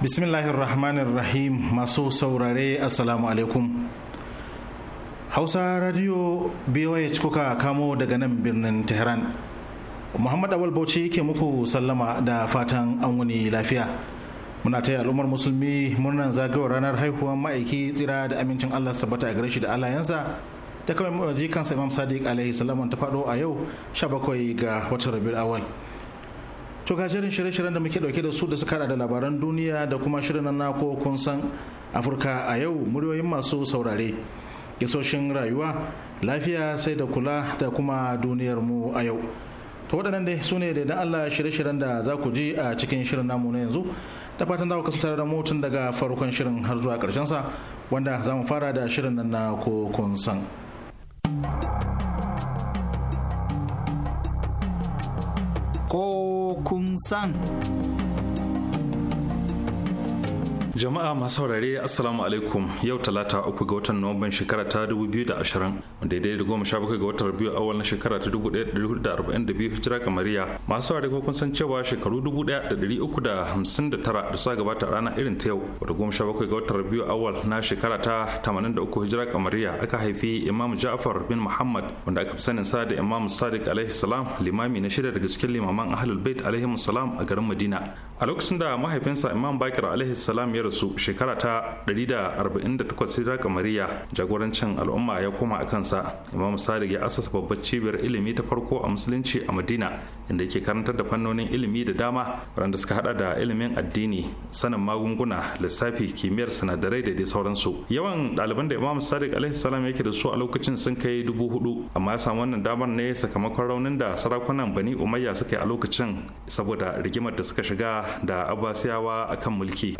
bismillahirrahmanirrahim masu saurare assalamu alaikum hausa radio biyoyi kuka kamo daga nan birnin tehran muhammad awal bauchi ke muku sallama da fatan an wuni lafiya muna ta al'ummar musulmi murnan zagayowar ranar haihuwar ma'aiki tsira da amincin allah sabbata a gareshi shi da alayansa ta kawai kansa imam sadiq alaihi salamun ta faɗo a yau 17 ga watan rabiul awal to ga jerin shirye-shiryen da muke dauke da su da suka da labaran duniya da kuma shirin na ko kun san afirka a yau muryoyin masu saurare kisoshin rayuwa lafiya sai da kula da kuma duniyar mu a yau to waɗannan dai su ne da idan allah shirye-shiryen da za ku ji a cikin shirin namu na yanzu da fatan za ku kasance da mutun daga farkon shirin har zuwa karshen sa wanda za mu fara da shirin nan na ko kun san kun san. Jama'a masu saurare Assalamu alaikum yau talata uku ga watan Nuwamban shekara ta 2020 wanda daidai da goma sha bakwai ga watan biyu awal na shekara ta 1442 hijira kamariya masu saurare kun san cewa shekaru 1359 da suka gabata rana ranar irin ta yau wata goma sha bakwai ga watan biyu awal na shekara ta 83 hijira kamariya aka haifi Imam Ja'far bin Muhammad wanda aka fi sanin sa da Imam Sadiq alaihi salam limami na shida daga cikin limaman Ahlul Bait alaihi salam a garin Madina a lokacin da mahaifinsa Imam Bakir alaihi salam ya su shekara ta 148 hijira kamariya jagorancin al'umma ya koma a kansa imam sadiq ya asasa babbar cibiyar ilimi ta farko a musulunci a madina inda yake karantar da fannonin ilimi da dama waɗanda suka hada da ilimin addini sanin magunguna lissafi kimiyyar sinadarai da dai sauransu yawan ɗaliban da imam sadiq alaihi salam yake da su a lokacin sun kai dubu hudu amma ya samu wannan damar ne sakamakon raunin da sarakunan bani umayya suka yi a lokacin saboda rigimar da suka shiga da abbasiyawa akan mulki.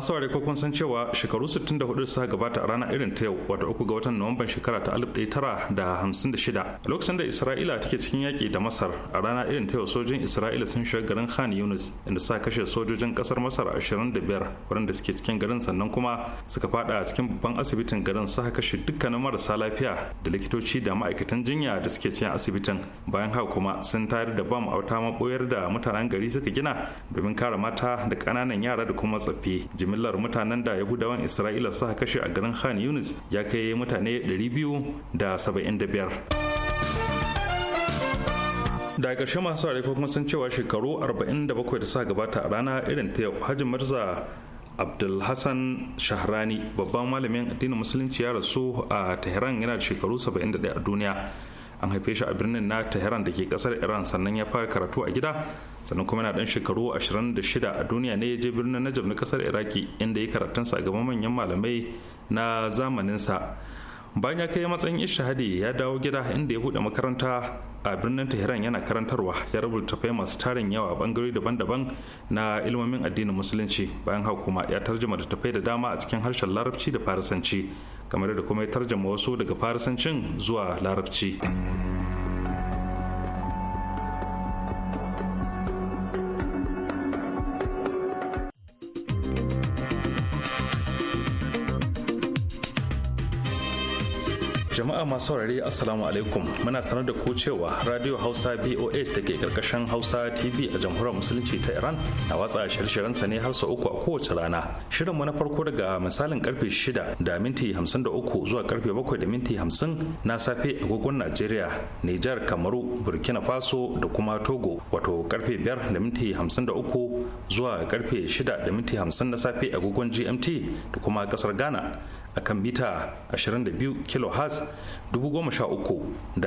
masu ware kokon san cewa shekaru 64 suka gabata a ranar irin ta yau wato uku ga watan nuwamban shekara ta 1956 lokacin da isra'ila take cikin yaƙi da masar a rana irin ta yau sojin isra'ila sun shiga garin khan yunus inda suka kashe sojojin ƙasar masar 25 waɗanda suke cikin garin sannan kuma suka fada a cikin babban asibitin garin suka kashe dukkanin marasa lafiya da likitoci da ma'aikatan jinya da suke cikin asibitin bayan haka kuma sun tayar da bam a wata maɓoyar da mutanen gari suka gina domin kare mata da kananan yara da kuma tsaffi jimillar mutanen da yahudawan isra'ila suka kashe a garin khan yunus ya kai mutane 275 da ƙarshe masu ko kuma sun cewa shekaru 47 da sa gabata a rana irin ta yau hajji mirza abdulhassan shahrani babban malamin addinin musulunci ya rasu a tehran yana da shekaru 71 a duniya an haife shi a birnin na tehran da ke kasar iran sannan ya fara karatu a gida sannan kuma yana dan shekaru 26 a duniya ne ya je birnin najab na kasar iraki inda ya karatunsa a gaban manyan malamai na zamaninsa bayan ya kai matsayin ishahadi ya dawo gida inda ya buɗe makaranta a birnin tehran yana karantarwa ya rubuta fai masu tarin yawa a bangare daban-daban na ilmomin addinin musulunci bayan haka kuma ya tarjuma da tafai da dama a cikin harshen larabci da farisanci kamar da kuma ya tarjuma wasu daga farisancin zuwa larabci jama'a masu saurare assalamu alaikum muna sanar da ku cewa radio hausa boh da ke karkashin hausa tv a jamhuriyar musulunci ta iran na watsa shirye sa ne har sau uku a kowace rana shirin mu na farko daga misalin karfe shida da minti 53 zuwa karfe 7 da minti 50 na safe agogon najeriya nijar kamaru burkina faso da kuma togo wato karfe 5 da minti 53 zuwa karfe shida da minti 50 na safe agogon gmt da kuma kasar ghana akan mita 22 kHz 13710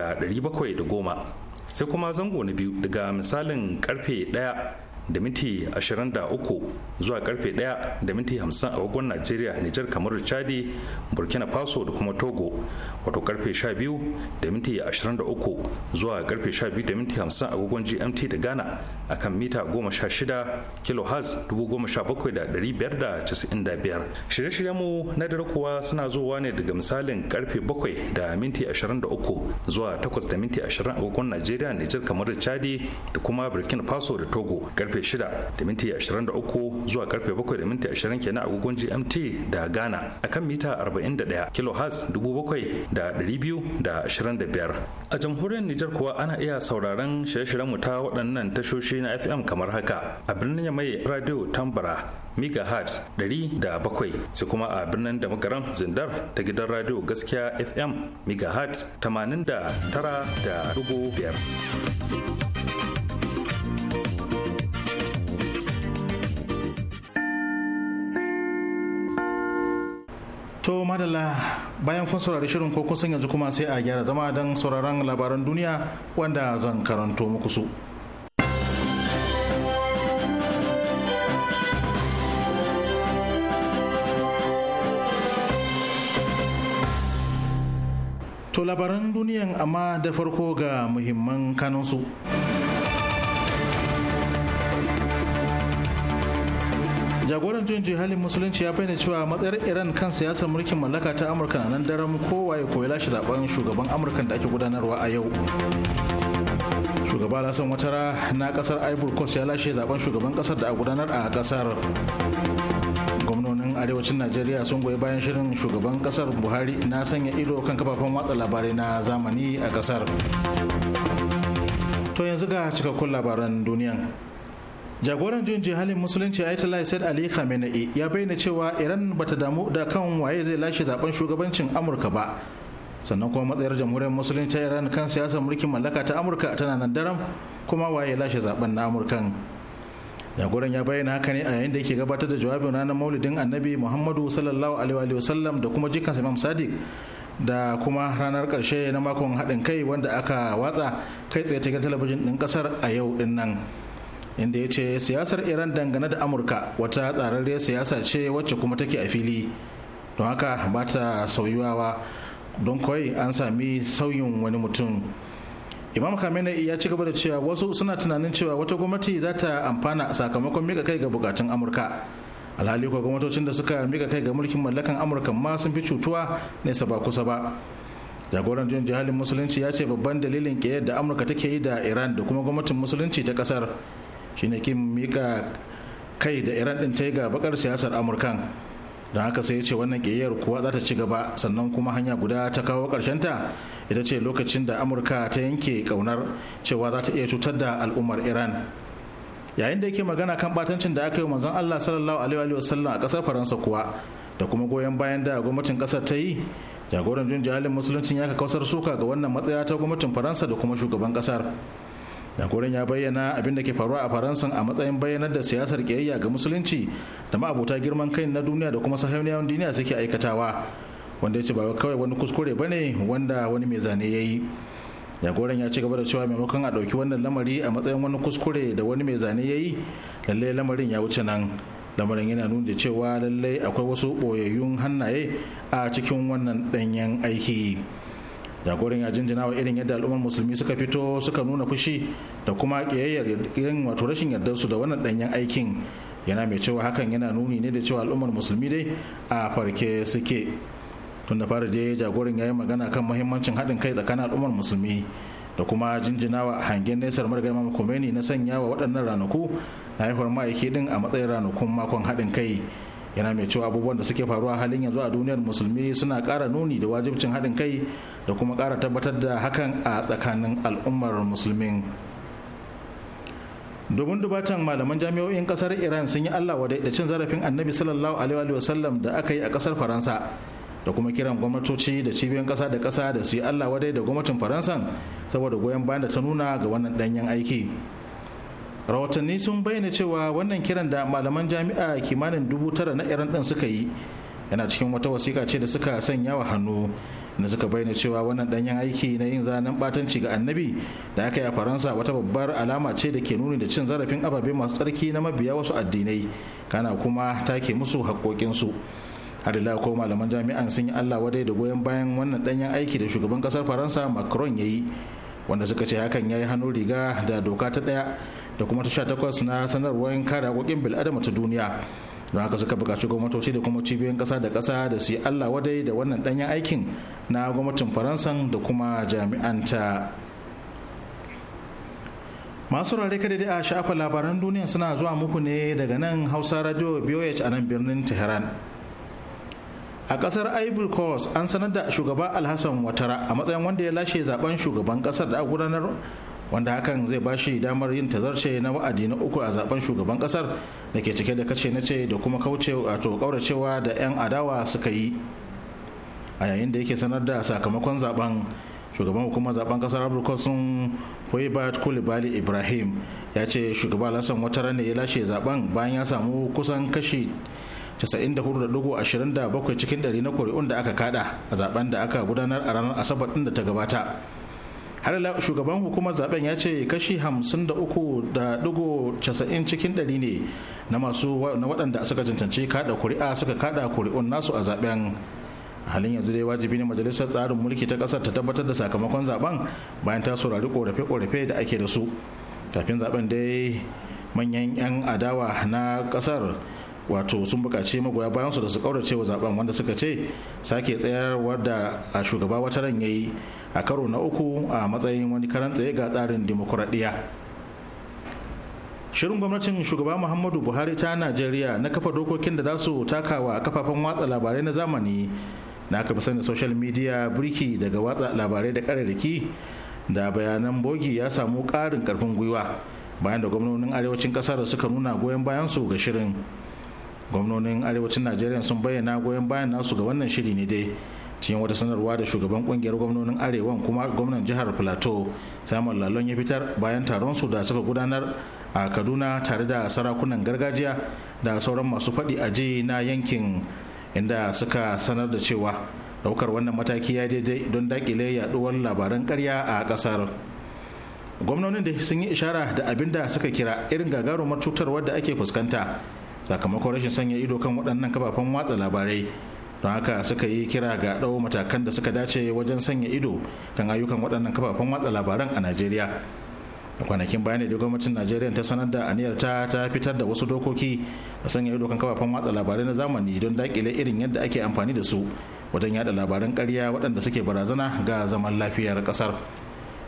sai kuma zango na biyu daga misalin karfe 1 da minti 23 zuwa karfe 1 da minti 50 a wagon Najeriya, Nijar, kamar Chadi, Burkina Faso da kuma Togo, wato karfe 12 da minti 23 zuwa karfe 12 da minti 50 a wagon GMT da Ghana akan mita 16 kHz 17,595. Shirye-shiryen mu na dare kuwa suna zuwa ne daga misalin karfe 7 da minti 23 zuwa 8 da minti 20 a wagon Najeriya, Nijar, kamar Chadi da kuma Burkina Faso da Togo. Karfe karfe 6 da minti 23 zuwa karfe 7 da minti 20 kenan agogon GMT da Ghana akan mita 41 kHz 7225. A jamhuriyar Nijar kuwa ana iya sauraron shirye-shiryen mu ta waɗannan tashoshi na FM kamar haka a birnin mai radio Tambara megahertz 107 sai kuma a birnin da magaran zindar ta gidan radio gaskiya fm megahertz 89.5 to madalla bayan kun saurari shirin ko kun san yanzu kuma sai a gyara zama don sauraron labaran duniya wanda zan karanto muku su To labaran duniyan amma da farko ga muhimman kanunsu. su jagoran juyin jihalin musulunci ya bayyana cewa matsayar iran kan siyasar mulkin mallaka ta amurka na nan daren kowa ya koyi lashe zaben shugaban amurka da ake gudanarwa a yau shugaba lasan watara na kasar ivory coast ya lashe zaben shugaban kasar da a gudanar a kasar gwamnonin arewacin najeriya sun goyi bayan shirin shugaban kasar buhari na sanya ido kan kafafen watsa labarai na zamani a kasar to yanzu ga cikakkun labaran duniyan jagoran jinji halin musulunci ayatollah said ali khamenei ya bayyana cewa iran bata damu da kan waye zai lashe zaben shugabancin amurka ba sannan kuma matsayar jamhuriyar musulunci iran kan siyasar mulkin mallaka ta amurka tana nan daram kuma waye lashe zaben na amurkan jagoran ya bayyana haka ne a yayin da yake gabatar da jawabin ranar maulidin annabi muhammadu sallallahu alaihi wasallam da kuma jikansa imam sadiq da kuma ranar karshe na makon haɗin kai wanda aka watsa kai tsaye cikin talabijin ɗin kasar a yau ɗin nan inda ya ce siyasar iran dangane da amurka wata tsararriyar siyasa ce wacce kuma take a fili don haka ba ta sauyuwawa don kawai an sami sauyin wani mutum imam khamenei ya ci gaba da cewa wasu suna tunanin cewa wata gwamnati za ta amfana sakamakon mika kai ga bukatun amurka alhali ko gwamnatocin da suka mika kai ga mulkin mallakan amurka ma sun fi cutuwa nesa ba kusa ba jagoran jin jihalin musulunci ya ce babban dalilin ke yadda amurka take yi da iran da kuma gwamnatin musulunci ta kasar shine kin mika kai da iran din ta yi ga bakar siyasar amurkan don haka sai ce wannan ƙiyayyar kuwa za ta ci gaba sannan kuma hanya guda ta kawo ta ita ce lokacin da amurka ta yanke ƙaunar cewa za ta iya cutar da al'ummar iran yayin da yake magana kan batancin da aka yi manzon allah sallallahu alaihi wasallam a kasar faransa kuwa da kuma goyon bayan da gwamnatin ƙasar ta yi jagoran jun jihalin musuluncin ya kausar suka ga wannan matsaya ta gwamnatin faransa da kuma shugaban ƙasar jagoran ya bayyana abin da ke faruwa a faransan a matsayin bayyanar da siyasar kiyayya ga musulunci da ma'abota girman kai na duniya da kuma sahiyoniyawan duniya suke aikatawa wanda ya ce ba kawai wani kuskure ba ne wanda wani mai zane ya yi yagoran ya ci gaba da cewa maimakon a ɗauki wannan lamari a matsayin wani kuskure da wani mai zane ya yi lallai lamarin ya wuce nan lamarin yana nuna da cewa lallai akwai wasu ɓoyayyun hannaye a cikin wannan ɗanyen aiki. jagoran ya jinjina irin yadda al'ummar musulmi suka fito suka nuna fushi da kuma kiyayyar yin wato rashin yardarsu da wannan danyen aikin yana mai cewa hakan yana nuni ne da cewa al'ummar musulmi dai a farke suke tun da fara dai jagoran ya yi magana kan muhimmancin haɗin kai tsakanin al'ummar musulmi da kuma jinjinawa hangen nesar margama kumeni na sanya wa waɗannan ranaku na haihuwar ma'aiki din a matsayin ranakun makon haɗin kai yana mai cewa abubuwan da suke faruwa halin yanzu a duniyar musulmi suna kara nuni da wajibcin haɗin kai da kuma kara tabbatar da hakan a tsakanin al'ummar musulmin domin dubatan malaman jami'o'in kasar iran sun yi allah wadai da cin zarafin annabi sallallahu alaihi wasallam da aka yi a kasar faransa da kuma kiran gwamnatoci da cibiyoyin kasa da kasa da su yi allah wadai da gwamnatin faransan saboda goyon bayan da ta nuna ga wannan danyen aiki rahotanni sun bayyana cewa wannan kiran da malaman jami'a kimanin dubu tara na iran ɗin suka yi yana cikin wata wasiƙa ce da suka sanya wa hannu na suka bayyana cewa wannan ɗanyen aiki na yin zanen batanci ga annabi da aka yi a faransa wata babbar alama ce da ke nuni da cin zarafin ababe masu tsarki na mabiya wasu addinai kana kuma take musu haƙoƙinsu ila ko malaman jami'an sun yi allah wadai da goyon bayan wannan ɗanyen aiki da shugaban ƙasar faransa macron ya yi wanda suka ce hakan ya yi hannu riga da doka ta ɗaya da kuma ta sha takwas na sanarwar kare haƙoƙin bil'adama ta duniya don haka suka buƙaci gwamnatoci da kuma cibiyoyin ƙasa da ƙasa da su yi allah wadai da wannan ɗanyen aikin na gwamnatin faransan da kuma jami'anta masu rare kada da a shafa labaran duniya suna zuwa muku ne daga nan hausa radio boh a nan birnin tehran a kasar ivory coast an sanar da shugaba alhassan watara a matsayin wanda ya lashe zaben shugaban kasar da a gudanar wanda hakan zai ba shi damar yin tazarce na wa'adi na uku a zaben shugaban kasar da ke cike da kace ce da kuma kauce kauracewa da 'yan adawa suka yi a yayin da yake sanar da sakamakon zaben shugaban hukumar zaben kasar amurka sun huibat kulibali ibrahim ya ce shugaba lasan wata ne ya lashe zaben bayan ya samu kusan kashi 94.27 cikin 100 na kuri'un da aka kada a zaben da aka gudanar a ranar asabar din da ta gabata har shugaban hukumar zaben ya ce kashi 53.90 cikin ɗari ne na masu waɗanda suka cancanci kada kuri'a suka kada kuri'un nasu a zaben halin yanzu dai wajibi ne majalisar tsarin mulki ta ƙasar ta tabbatar da sakamakon zaben bayan ta saurari korafe-korafe da ake da su kafin zaben dai manyan 'yan adawa na ƙasar wato sun buƙaci magoya su da su ƙaurace wa zaben wanda suka ce sake tsayarwar da a shugaba wata ran yi. a karo na uku a matsayin wani karan tsaye ga tsarin dimokuraɗiyya shirin gwamnatin shugaba muhammadu buhari ta najeriya na kafa dokokin da za su takawa a kafafen watsa labarai na zamani na aka sani social media birki daga watsa labarai da kararraki da bayanan bogi ya samu ƙarin karfin gwiwa bayan da gwamnonin arewacin ƙasar da suka nuna goyon bayan su ga shirin gwamnonin arewacin najeriya sun bayyana goyon bayan nasu ga wannan shiri ne dai cikin wata sanarwa da shugaban kungiyar gwamnonin arewan kuma gwamnan jihar plateau samun lalon ya fitar bayan taron su da suka gudanar a kaduna tare da sarakunan gargajiya da sauran masu faɗi a ji na yankin inda suka sanar da cewa daukar wannan mataki ya daidai don dakile yaduwar labaran karya a kasar gwamnonin da sun yi ishara da abin da suka kira irin gagarumar cutarwar da ake fuskanta sakamakon rashin sanya ido kan waɗannan kafafen watsa labarai don haka suka yi kira ga ɗau matakan da suka dace wajen sanya ido kan ayyukan waɗannan kafafen watsa labaran a najeriya a kwanakin baya ne da gwamnatin najeriya ta sanar da aniyar ta ta fitar da wasu dokoki a sanya ido kan kafafen watsa labarai na zamani don dakile irin yadda ake amfani da su wajen yada labaran karya waɗanda suke barazana ga zaman lafiyar ƙasar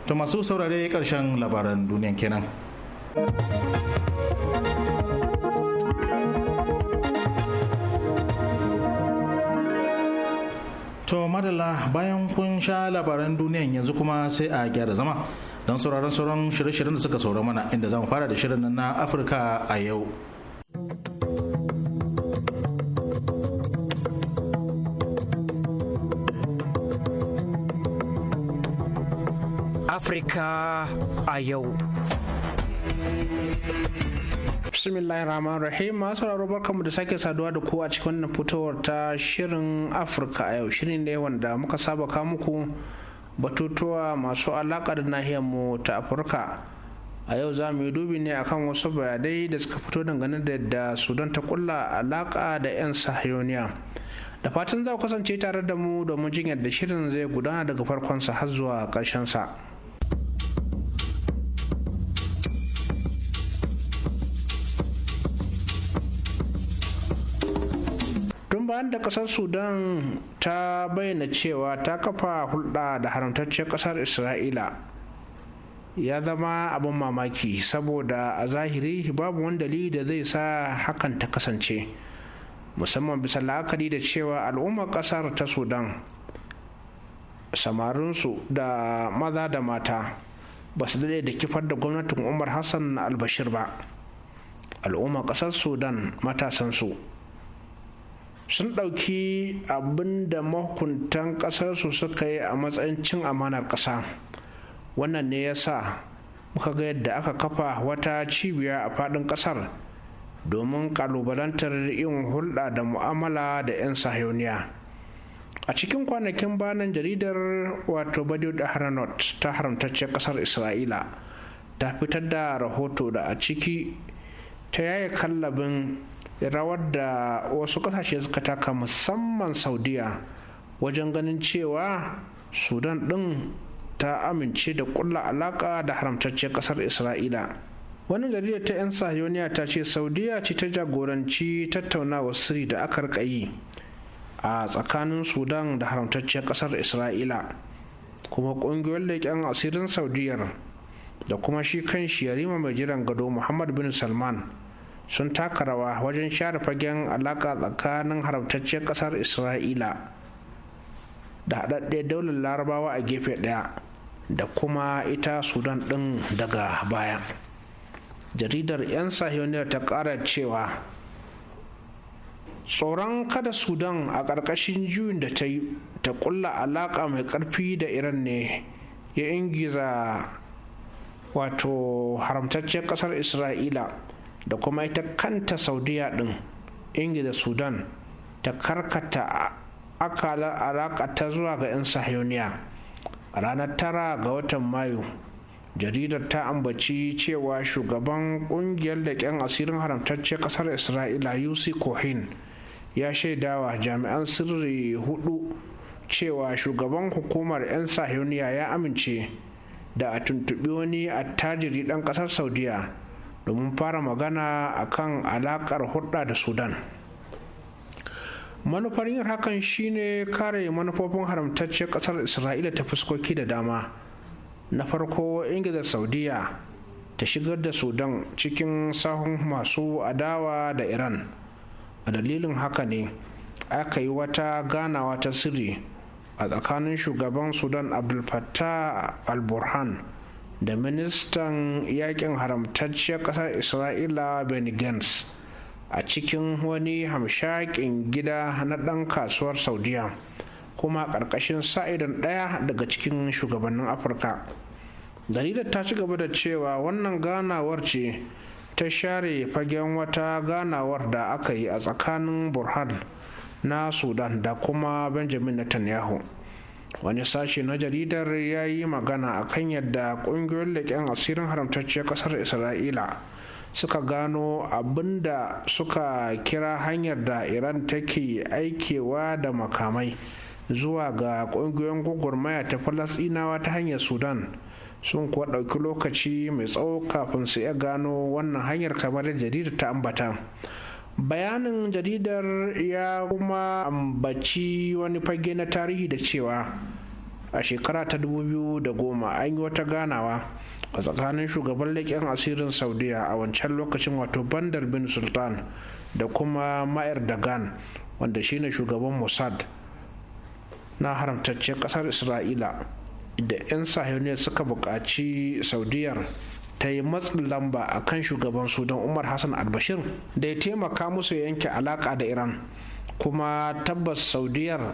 to masu saurare ƙarshen labaran duniyan kenan. to madalla bayan kun sha labaran duniyan yanzu kuma sai a gyara zama don sauraron sauran shirye-shiryen da suka saura mana inda zamu fara da shirin na afirka a yau Afirka a yau. bismillahir rahmanir rahim masu sauraro barkanmu da sake saduwa da ku a cikin wannan fitowar ta shirin afirka a yau shirin ne wanda muka saba ka muku batutuwa masu alaka da nahiyarmu ta afirka a yau za mu yi dubi ne akan wasu bayanai da suka fito dangane da yadda sudan ta kulla alaka da 'yan sahiyoniya da fatan za ku kasance tare da mu domin jin yadda shirin zai gudana daga farkonsa har zuwa ƙarshensa. sa bayan da kasar sudan ta bayyana cewa ta kafa hulɗa da haramtacciyar kasar isra'ila ya zama abin mamaki saboda a zahiri babu wani dalili da zai sa hakan ta kasance musamman bisa la'akari da cewa al'ummar kasar ta sudan samarinsu da maza da mata ba su daɗe da kifar da gwamnatin umar hassan albashir ba al'ummar kasar sudan matasansu sun ɗauki abin da mahukuntan ƙasarsu suka yi a matsayin cin amanar ƙasa wannan ne ya sa muka ga yadda aka kafa wata cibiya a faɗin ƙasar domin ƙalubalantar yin hulɗa da mu'amala da 'yan sahiyoniya a cikin kwanakin banan jaridar wato badiou da haranot ta haramtacce ƙasar isra'ila ta fitar da rahoto da a ciki ta yaya kallabin rawar da wasu kasashe suka taka musamman saudiya wajen ganin cewa sudan ɗin ta amince da kulla alaƙa da haramtacciyar ƙasar isra'ila wani jaridar ta 'yan sahiyoniya ta ce saudiya ce ta jagoranci tattaunawa siri da aka rika yi a tsakanin sudan da haramtacciyar ƙasar isra'ila kuma ƙungiyoyin leƙen asirin saudiyar da kuma shi kan shi yarima mai jiran gado muhammad bin salman sun taka rawa wajen share fagen alaƙa tsakanin haramtacciyar ƙasar isra'ila da haɗaɗɗe daular larabawa a gefe ɗaya da kuma ita sudan ɗin daga baya jaridar 'yan sahiyoniyar ta ƙara cewa tsoron kada sudan a ƙarƙashin juyin da ta yi ta ƙulla alaƙa mai ƙarfi da iran ne ya ingiza wato haramtacciyar ƙasar isra'ila da kuma ita kanta saudiya din ingila sudan ta karkata akalar alaƙa ta zuwa ga 'yan sahiyoniya ranar tara ga watan mayu jaridar ta ambaci cewa shugaban kungiyar leƙen asirin haramtacce kasar isra'ila uc cohen ya shaidawa jami'an sirri hudu cewa shugaban hukumar 'yan sahiyoniya ya amince da a tuntuɓi wani attajiri ɗan ƙasar saudiya domin fara magana a kan alakar hulɗa da sudan manufar yin hakan shine kare manufofin haramtacciyar ƙasar isra'ila ta fuskoki da dama na farko ingila saudiya ta shigar da sudan cikin sahun masu adawa da iran a dalilin haka ne aka yi wata ganawa ta sirri a tsakanin shugaban sudan abdul fattah al-burhan da ministan yakin haramtacciyar ƙasar isra'ila benny gantz a cikin wani hamshakin gida na ɗan kasuwar saudiya kuma ƙarƙashin sa'idan ɗaya daga cikin shugabannin afirka dalilin ta ci gaba da cewa wannan ganawar ce ta share fagen wata ganawar da aka yi a tsakanin burhan na sudan da kuma benjamin netanyahu wani sashe na jaridar ya yi magana a kan yadda kungiyoyin leƙen asirin haramtacciyar ƙasar isra'ila suka gano abin da suka kira hanyar da iran take aikewa da makamai zuwa ga kungiyoyin gwagwarmaya ta falasɗinawa ta hanyar sudan sun kuwa ɗauki lokaci mai tsawo kafin su iya gano wannan hanyar kamar jaridar ta ambata. bayanin jaridar ya kuma ambaci wani fage na tarihi da cewa a shekara ta 2010 an yi wata ganawa a tsakanin shugaban leƙen asirin saudiya a wancan lokacin wato bandar bin sultan da kuma da dagan wanda shine shugaban mossad na haramtaccen ƙasar isra'ila da 'yan sahiyoniyar suka buƙaci saudiyar ta yi matsin lamba a kan shugaban sudan umar hassan albashir da ya taimaka musu ya yanke alaka da iran kuma tabbas saudiyar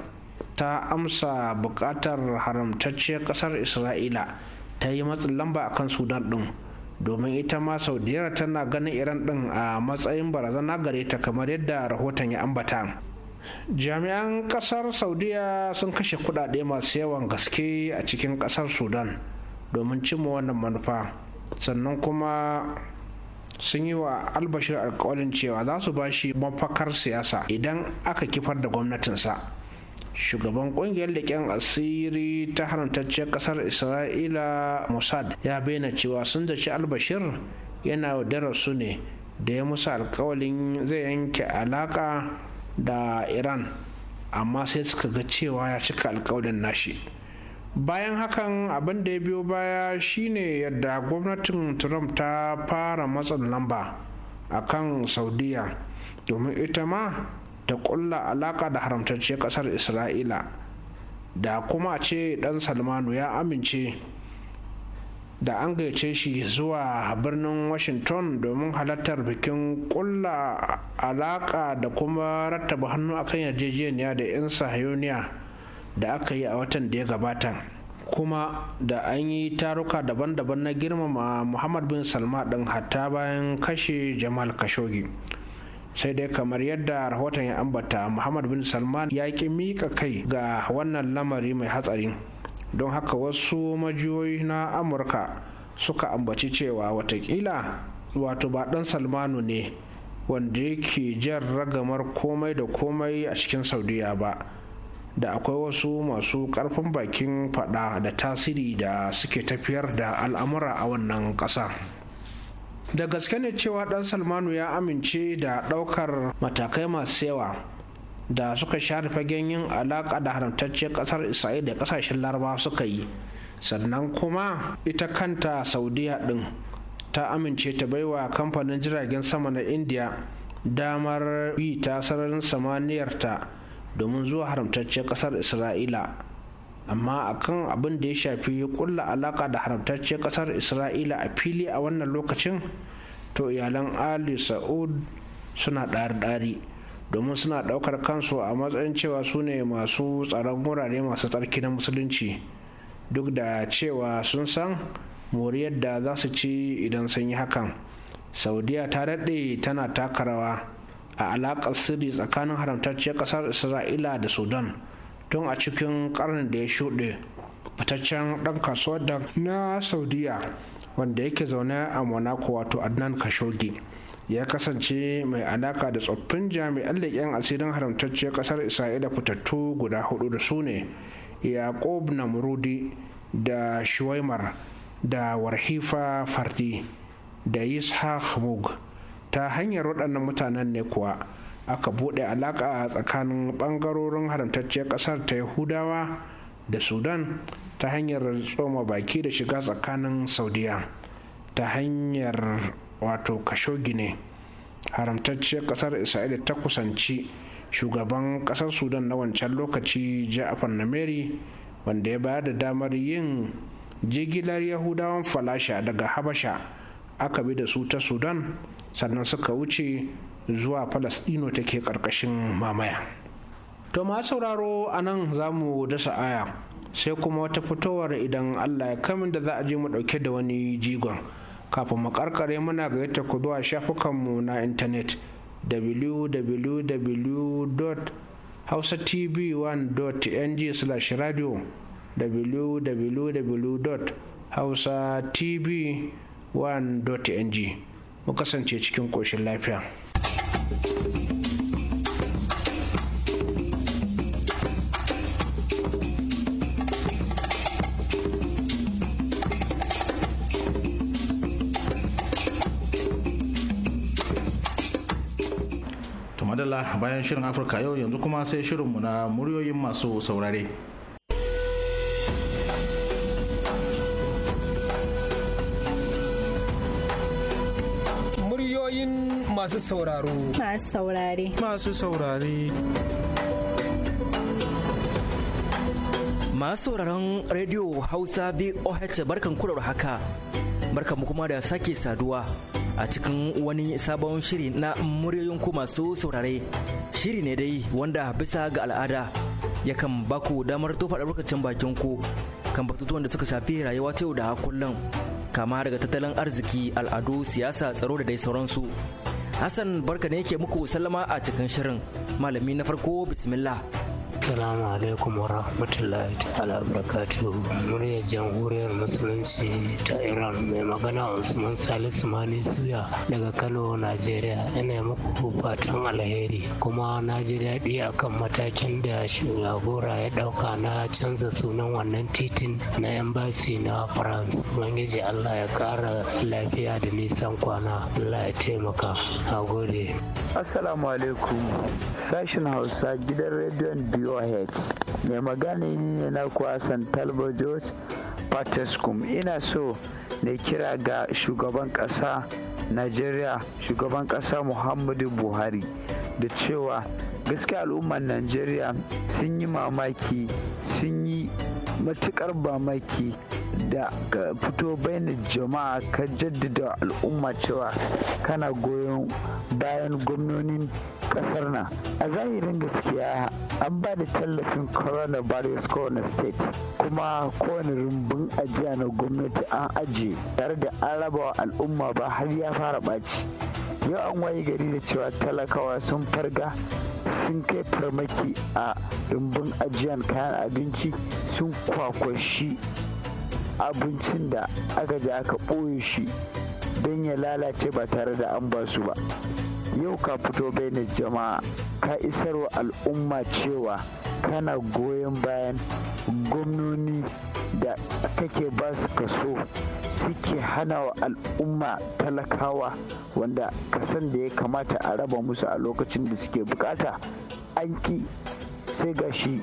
ta amsa bukatar haramtacciyar kasar isra'ila ta yi matsin lamba a kan sudan din domin ita ma saudiyar tana ganin iran din a matsayin barazana gare ta kamar yadda rahoton ya ambata jami'an kasar saudiya sun kashe kudade masu yawan gaske a cikin kasar sudan domin cimma wannan manufa sannan kuma sun yi wa albashir alkawalin cewa za su ba shi mafakar siyasa idan aka kifar da gwamnatinsa shugaban kungiyar leƙen asiri ta haramtacciyar ƙasar isra'ila mossad ya bayyana cewa sun zaci albashir yana yaudarar su ne da ya musu alkawalin zai yanke alaƙa da iran amma sai suka ga cewa ya cika alkawalin nashi bayan hakan abin da ya biyo baya shine yadda gwamnatin trump ta fara matsin lamba a kan saudiya domin ita ma ta kulla alaka da haramtacce kasar isra'ila da kuma ce dan salmanu ya amince da an gaice shi zuwa birnin washington domin halartar bikin kulla alaka da kuma rattaba hannu akan yarjejeniya da 'yan sahayoniya da aka yi a watan da ya gabata kuma da an yi taruka daban-daban na girmama muhammad bin salma ɗin hatta bayan kashe jamal khashoggi sai dai kamar yadda rahoton ya ambata muhammad bin salman ya ƙi mika kai ga wannan lamari mai hatsari don haka wasu majiyoyi na amurka suka ambaci cewa watakila wato ba dan salmanu ne wanda yake jan ragamar komai da komai a cikin saudiya ba da akwai wasu masu karfin bakin fada da tasiri da suke tafiyar da al'amura a wannan ƙasa. da gaske ne cewa dan salmanu ya amince da ɗaukar matakai masu yawa da suka share fagen yin alaƙa da haramtacce ƙasar Isra'il da ƙasashen laraba suka yi sannan kuma ita kanta saudiya ɗin ta amince ta baiwa kamfanin jiragen sama na indiya damar yi ta sararin samaniyarta domin zuwa haramtacciyar kasar isra'ila amma akan abin da ya shafi kulla alaka da haramtacciyar kasar isra'ila a fili a wannan lokacin to iyalan ali sa'ud suna ɗari-ɗari domin suna ɗaukar kansu a matsayin cewa su ne masu tsaron wurare masu tsarki na musulunci duk da cewa sun san moriyar da za su ci idan sun yi hakan saudiya ta daɗe tana taka rawa a alaƙar sirri tsakanin haramtacciyar ƙasar isra'ila da sudan tun a cikin ƙarnin da ya shuɗe fitaccen ɗan kasuwar da na saudiya wanda yake zaune a monaco wato adnan kashogi ya kasance mai alaka da tsoffin jami'an leƙen asirin haramtacciyar ƙasar isra'ila fitattu guda hudu da su ne yaƙob namrudi da shuwaimar da warhifa fardi da yishak mug ta hanyar waɗannan mutanen ne kuwa aka buɗe alaƙa tsakanin ɓangarorin haramtacciyar ƙasar ta yahudawa da sudan ta hanyar tsoma baki da shiga tsakanin saudiya ta hanyar wato kashogi ne haramtacciyar ƙasar isra'ila ta kusanci shugaban ƙasar sudan na wancan lokaci ja'afar nameri wanda ya bayar da damar yin jigilar yahudawan falasha daga habasha aka bi da su ta sudan sannan suka wuce zuwa falasɗino take ƙarƙashin mamaya to ma sauraro a nan za mu dasa aya sai kuma wata fitowar idan allah ya kamin da za a je mu ɗauke da wani jigon kafin mu karkare muna yadda ku zuwa shafukanmu na intanet www.hausatv1.ng/radio www.hausatv1.ng mu kasance cikin ƙoshin lafiya. bayan shirin afirka yau yanzu kuma sai shirinmu na muryoyin masu saurare masu sauraro masu saurare masu saurare masu sauraron rediyo hausa voh barkan kurar haka barkan mu kuma da sake saduwa a cikin wani sabon shiri na muryoyin ku masu saurare shiri ne dai wanda bisa ga al'ada yakan baku damar tofa albarkacin bakin ku kan batutuwan da suka shafi rayuwa ta yau da kullum kama daga tattalin arziki al'adu siyasa tsaro da dai sauransu Hassan barka ne yake muku sallama a cikin shirin. Malami na farko bismillah. Assalamu alaikum wa rahmatullahi ta'ala barakatu Muryar jamhuriyar musulunci ta Iran mai magana Usman Salisu Mani Suya daga Kano, Najeriya. Ina muku fatan alheri kuma na ji daɗi akan matakin da shugabora ya ɗauka na canza sunan wannan titin na embassy na France. Ubangiji Allah ya ƙara lafiya da nisan kwana. Allah ya taimaka. gode. Assalamu alaikum. Sashen Hausa gidan rediyon biyu voh mai magana ne na kwasan talba george patescum ina so da kira ga shugaban kasa najeriya shugaban kasa muhammadu buhari da cewa gaskiya al'ummar najeriya sun yi mamaki sun yi matukar mamaki da ka fito bayan jama'a ka jaddada al'umma cewa kana goyon bayan gwamnonin kasar nan a zahirin gaskiya an ba da tallafin coronavirus kowane state kuma kowane rumbun ajiya na gwamnati an ajiye tare da an raba wa al'umma ba har ya fara ɓaci yau an waye gari da cewa talakawa sun farga sun kai farmaki a rumbun ajiyan kayan abinci sun kwakwashi abincin da aka je aka ɓoye shi don ya lalace ba tare da an ba su ba yau ka fito bai na jama'a ka isar wa al'umma cewa kana goyon bayan gwamnoni da kake ba su kaso suke hana wa al'umma talakawa wanda kasan da ya kamata a raba musu a lokacin da suke bukata an ki sai gashi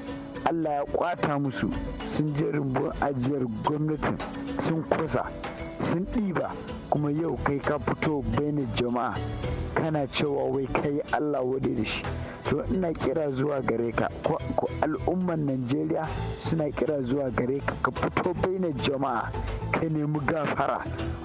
allah ya kwata musu sun je rumbun ajiyar gwamnatin sun kusa sun ɗiba kuma yau kai ka fito bene jama'a kana cewa wai kai allah wade da shi to ina kira zuwa gare ka ko al'umman najeriya suna kira zuwa gare ka ka fito bainar jama'a ka nemi gafara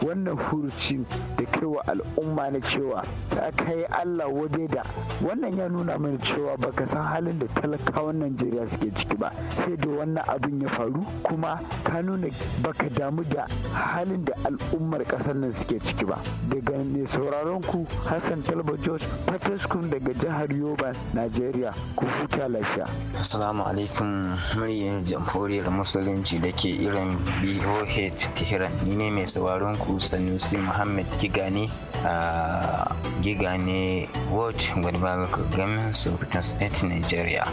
wannan furucin da kai al'umma na cewa ta kai allah waje da wannan ya nuna mana cewa baka san halin da talakawan najeriya suke ciki ba sai da wannan abin ya faru kuma ka nuna baka damu da halin da al'ummar kasar nan suke ciki ba daga ne sauraron ku hassan talba george patrick daga jihar yoba Najeriya ku huta lafiya. Assalamu alaikum muryar jamhuriyar musulunci da ke irin BOH Tehran ni ne mai sauraron ku Sanusi Muhammad Gigane a Gigani World Gwalbaga Kagamin Sofitan State Nigeria.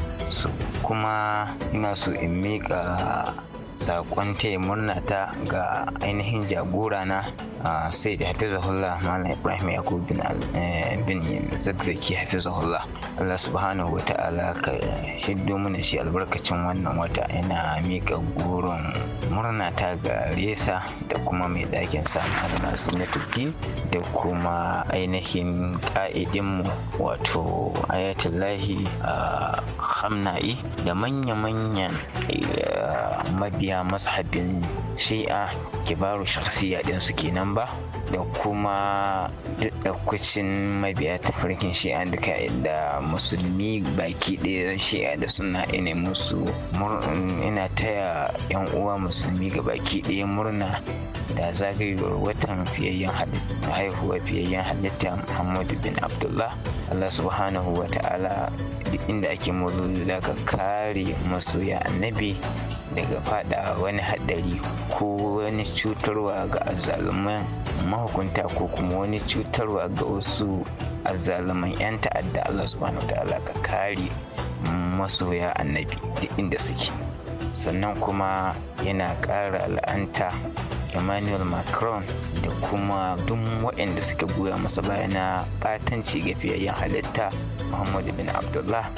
kuma ina so in miƙa sakon taya murna ta ga ainihin jagora na sai da hafizahullah mana ibrahim yakub bin hafi eh, hafizahullah allah subhanahu wa ta'ala ka hiddo mana shi albarkacin wannan wata yana mika goron murna ta ga resa da kuma mai ɗakin sa na sunnatuddin da kuma ainihin ka'idinmu wato ayatullahi hamna'i da manya-manyan eh, mabiya iya mashabin shi'a kibaru shakhsiya din su kenan ba da kuma duk ɗaukacin mabiya tafarkin shi'a duka inda musulmi baki ɗaya shi'a da suna ina musu ina taya yan uwa musulmi ga baki ɗaya murna da zagayowar watan fiyayyen haihuwa fiyayyen halitta muhammadu bin abdullah allah subhanahu wa ta'ala inda ake da ka kare masoya annabi daga fada wani haɗari ko wani cutarwa ga azaluman mahukunta ko kuma wani cutarwa ga wasu azzaluman 'yan ta'adda Allah subhanahu ta'ala ka kare masoya annabi duk inda suke sannan kuma yana ƙara la'anta emmanuel macron da kuma duk waɗanda suka goya masa bayana fatan ɓatanci ga fiyayyen halitta muhammadu bin abdullah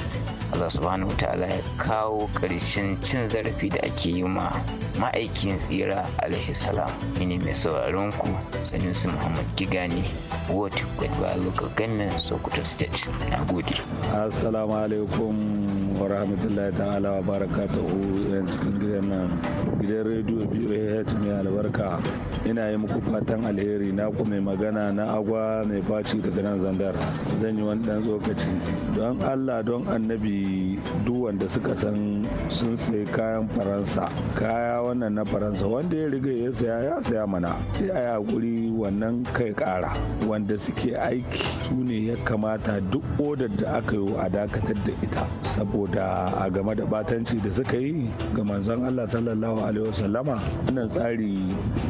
Allah subhanahu wa ta'ala ya kawo ƙarshen cin zarafi da ake yi ma ma'aikin tsira alaihi salam ne mai sauraron ku sanusi muhammad gigani ward gwadba local government sokoto state na gode assalamu alaikum wa rahmatullahi ta'ala wa yan cikin gidan nan gidan rediyo BOH mai albarka ina yi muku fatan alheri na ku mai magana na agwa mai baci daga nan zandar zan yi wani dan tsokaci don Allah don annabi duk wanda suka san sun sayi kayan faransa kaya wannan na faransa wanda ya riga ya saya ya saya mana sai a yi hakuri wannan kai kara wanda suke aiki su ne ya kamata duk odar da aka yi a dakatar da ita saboda a game da batanci da suka yi ga manzon Allah sallallahu alaihi wasallama wannan tsari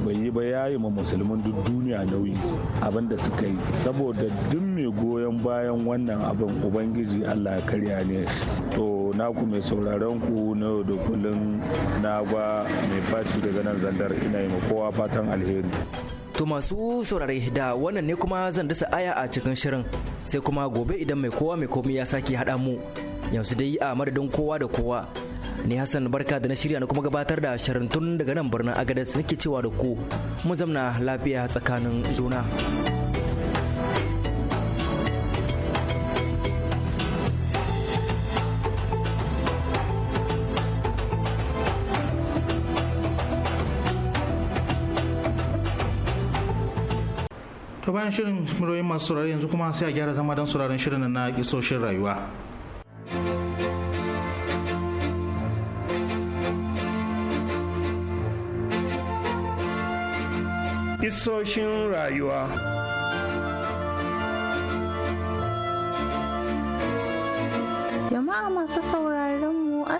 bai yi ba ya yi ma musulmin duk duniya nauyi abin da suka yi saboda duk mai goyon bayan wannan abin ubangiji Allah ya karya ne to ku mai sauraron ku na yau da kullum na ba mai faci daga nan zandar ina yi kowa fatan alheri To masu saurare da wannan ne kuma zan dasa aya a cikin shirin sai kuma gobe idan mai kowa mai komai ya sake haɗa mu yanzu dai a madadin kowa da kowa ni Hassan barka da na shirya na kuma gabatar da shirin tun daga nan birnin agadas nake cewa da ku mu zamna lafiya tsakanin juna. bayan shirin muryoyin masu saurari yanzu kuma sai a gyara zama don sauraron shirin na kisoshin rayuwa isoshin rayuwa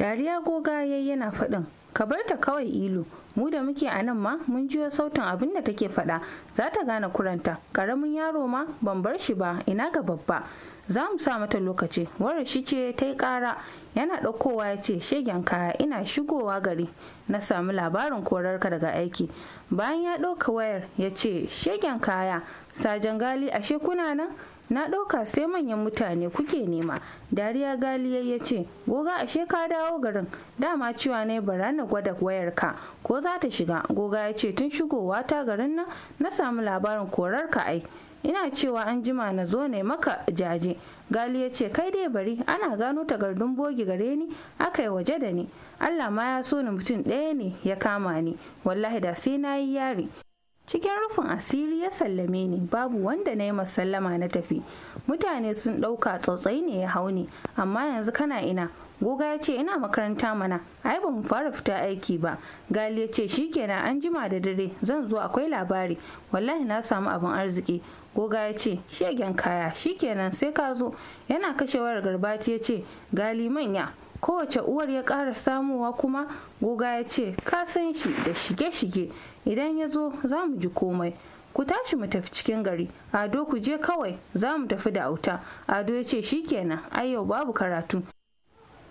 dariya goga yayi yana faɗin ka bar ta kawai ilu mu da muke a nan ma mun jiyo sautin abin da take faɗa za ta gane kuranta ƙaramin yaro ma ban bar shi ba ina ga babba za mu sa mata lokaci wara shi ce ta yi ƙara yana ɗaukowa ya ce shegen kaya ina shigowa gari na samu labarin korarka daga aiki bayan ya ɗauka wayar ya ce shegen kaya sajan gali ashe kuna nan na ɗauka sai manyan mutane kuke nema dariya galiyar ya ce goga ashe ka dawo garin dama cewa ne bara na gwada wayar ka ko za ta shiga goga ya ce tun shigowa ta garin nan na samu labarin korar ka ai ina cewa an jima na zo ne maka jaje gali ya ce kai dai bari ana gano takardun bogi gare ni aka yi waje da ni allah ma ya so ni mutum ɗaya ne ya kama ni wallahi da sai na yi yari cikin rufin asiri ya sallame ni babu wanda na yi masallama na tafi mutane sun ɗauka tsautsayi ne ya hau ne, amma yanzu kana ina goga ya ce ina makaranta mana ai ba mu fara fita aiki ba gali ya ce shikenan an jima da dare zan zo akwai labari wallahi na samu abin arziki goga ya ce shegen kaya shikenan sai ka zo yana kashe wayar garbati ya ce gali manya kowace uwar ya ƙara samuwa kuma goga ya ce ka san shi da shige-shige idan ya zo za mu ji komai ku tashi mu tafi cikin gari ado ku je kawai za mu tafi da auta ado ya ce shikenan ai yau babu karatu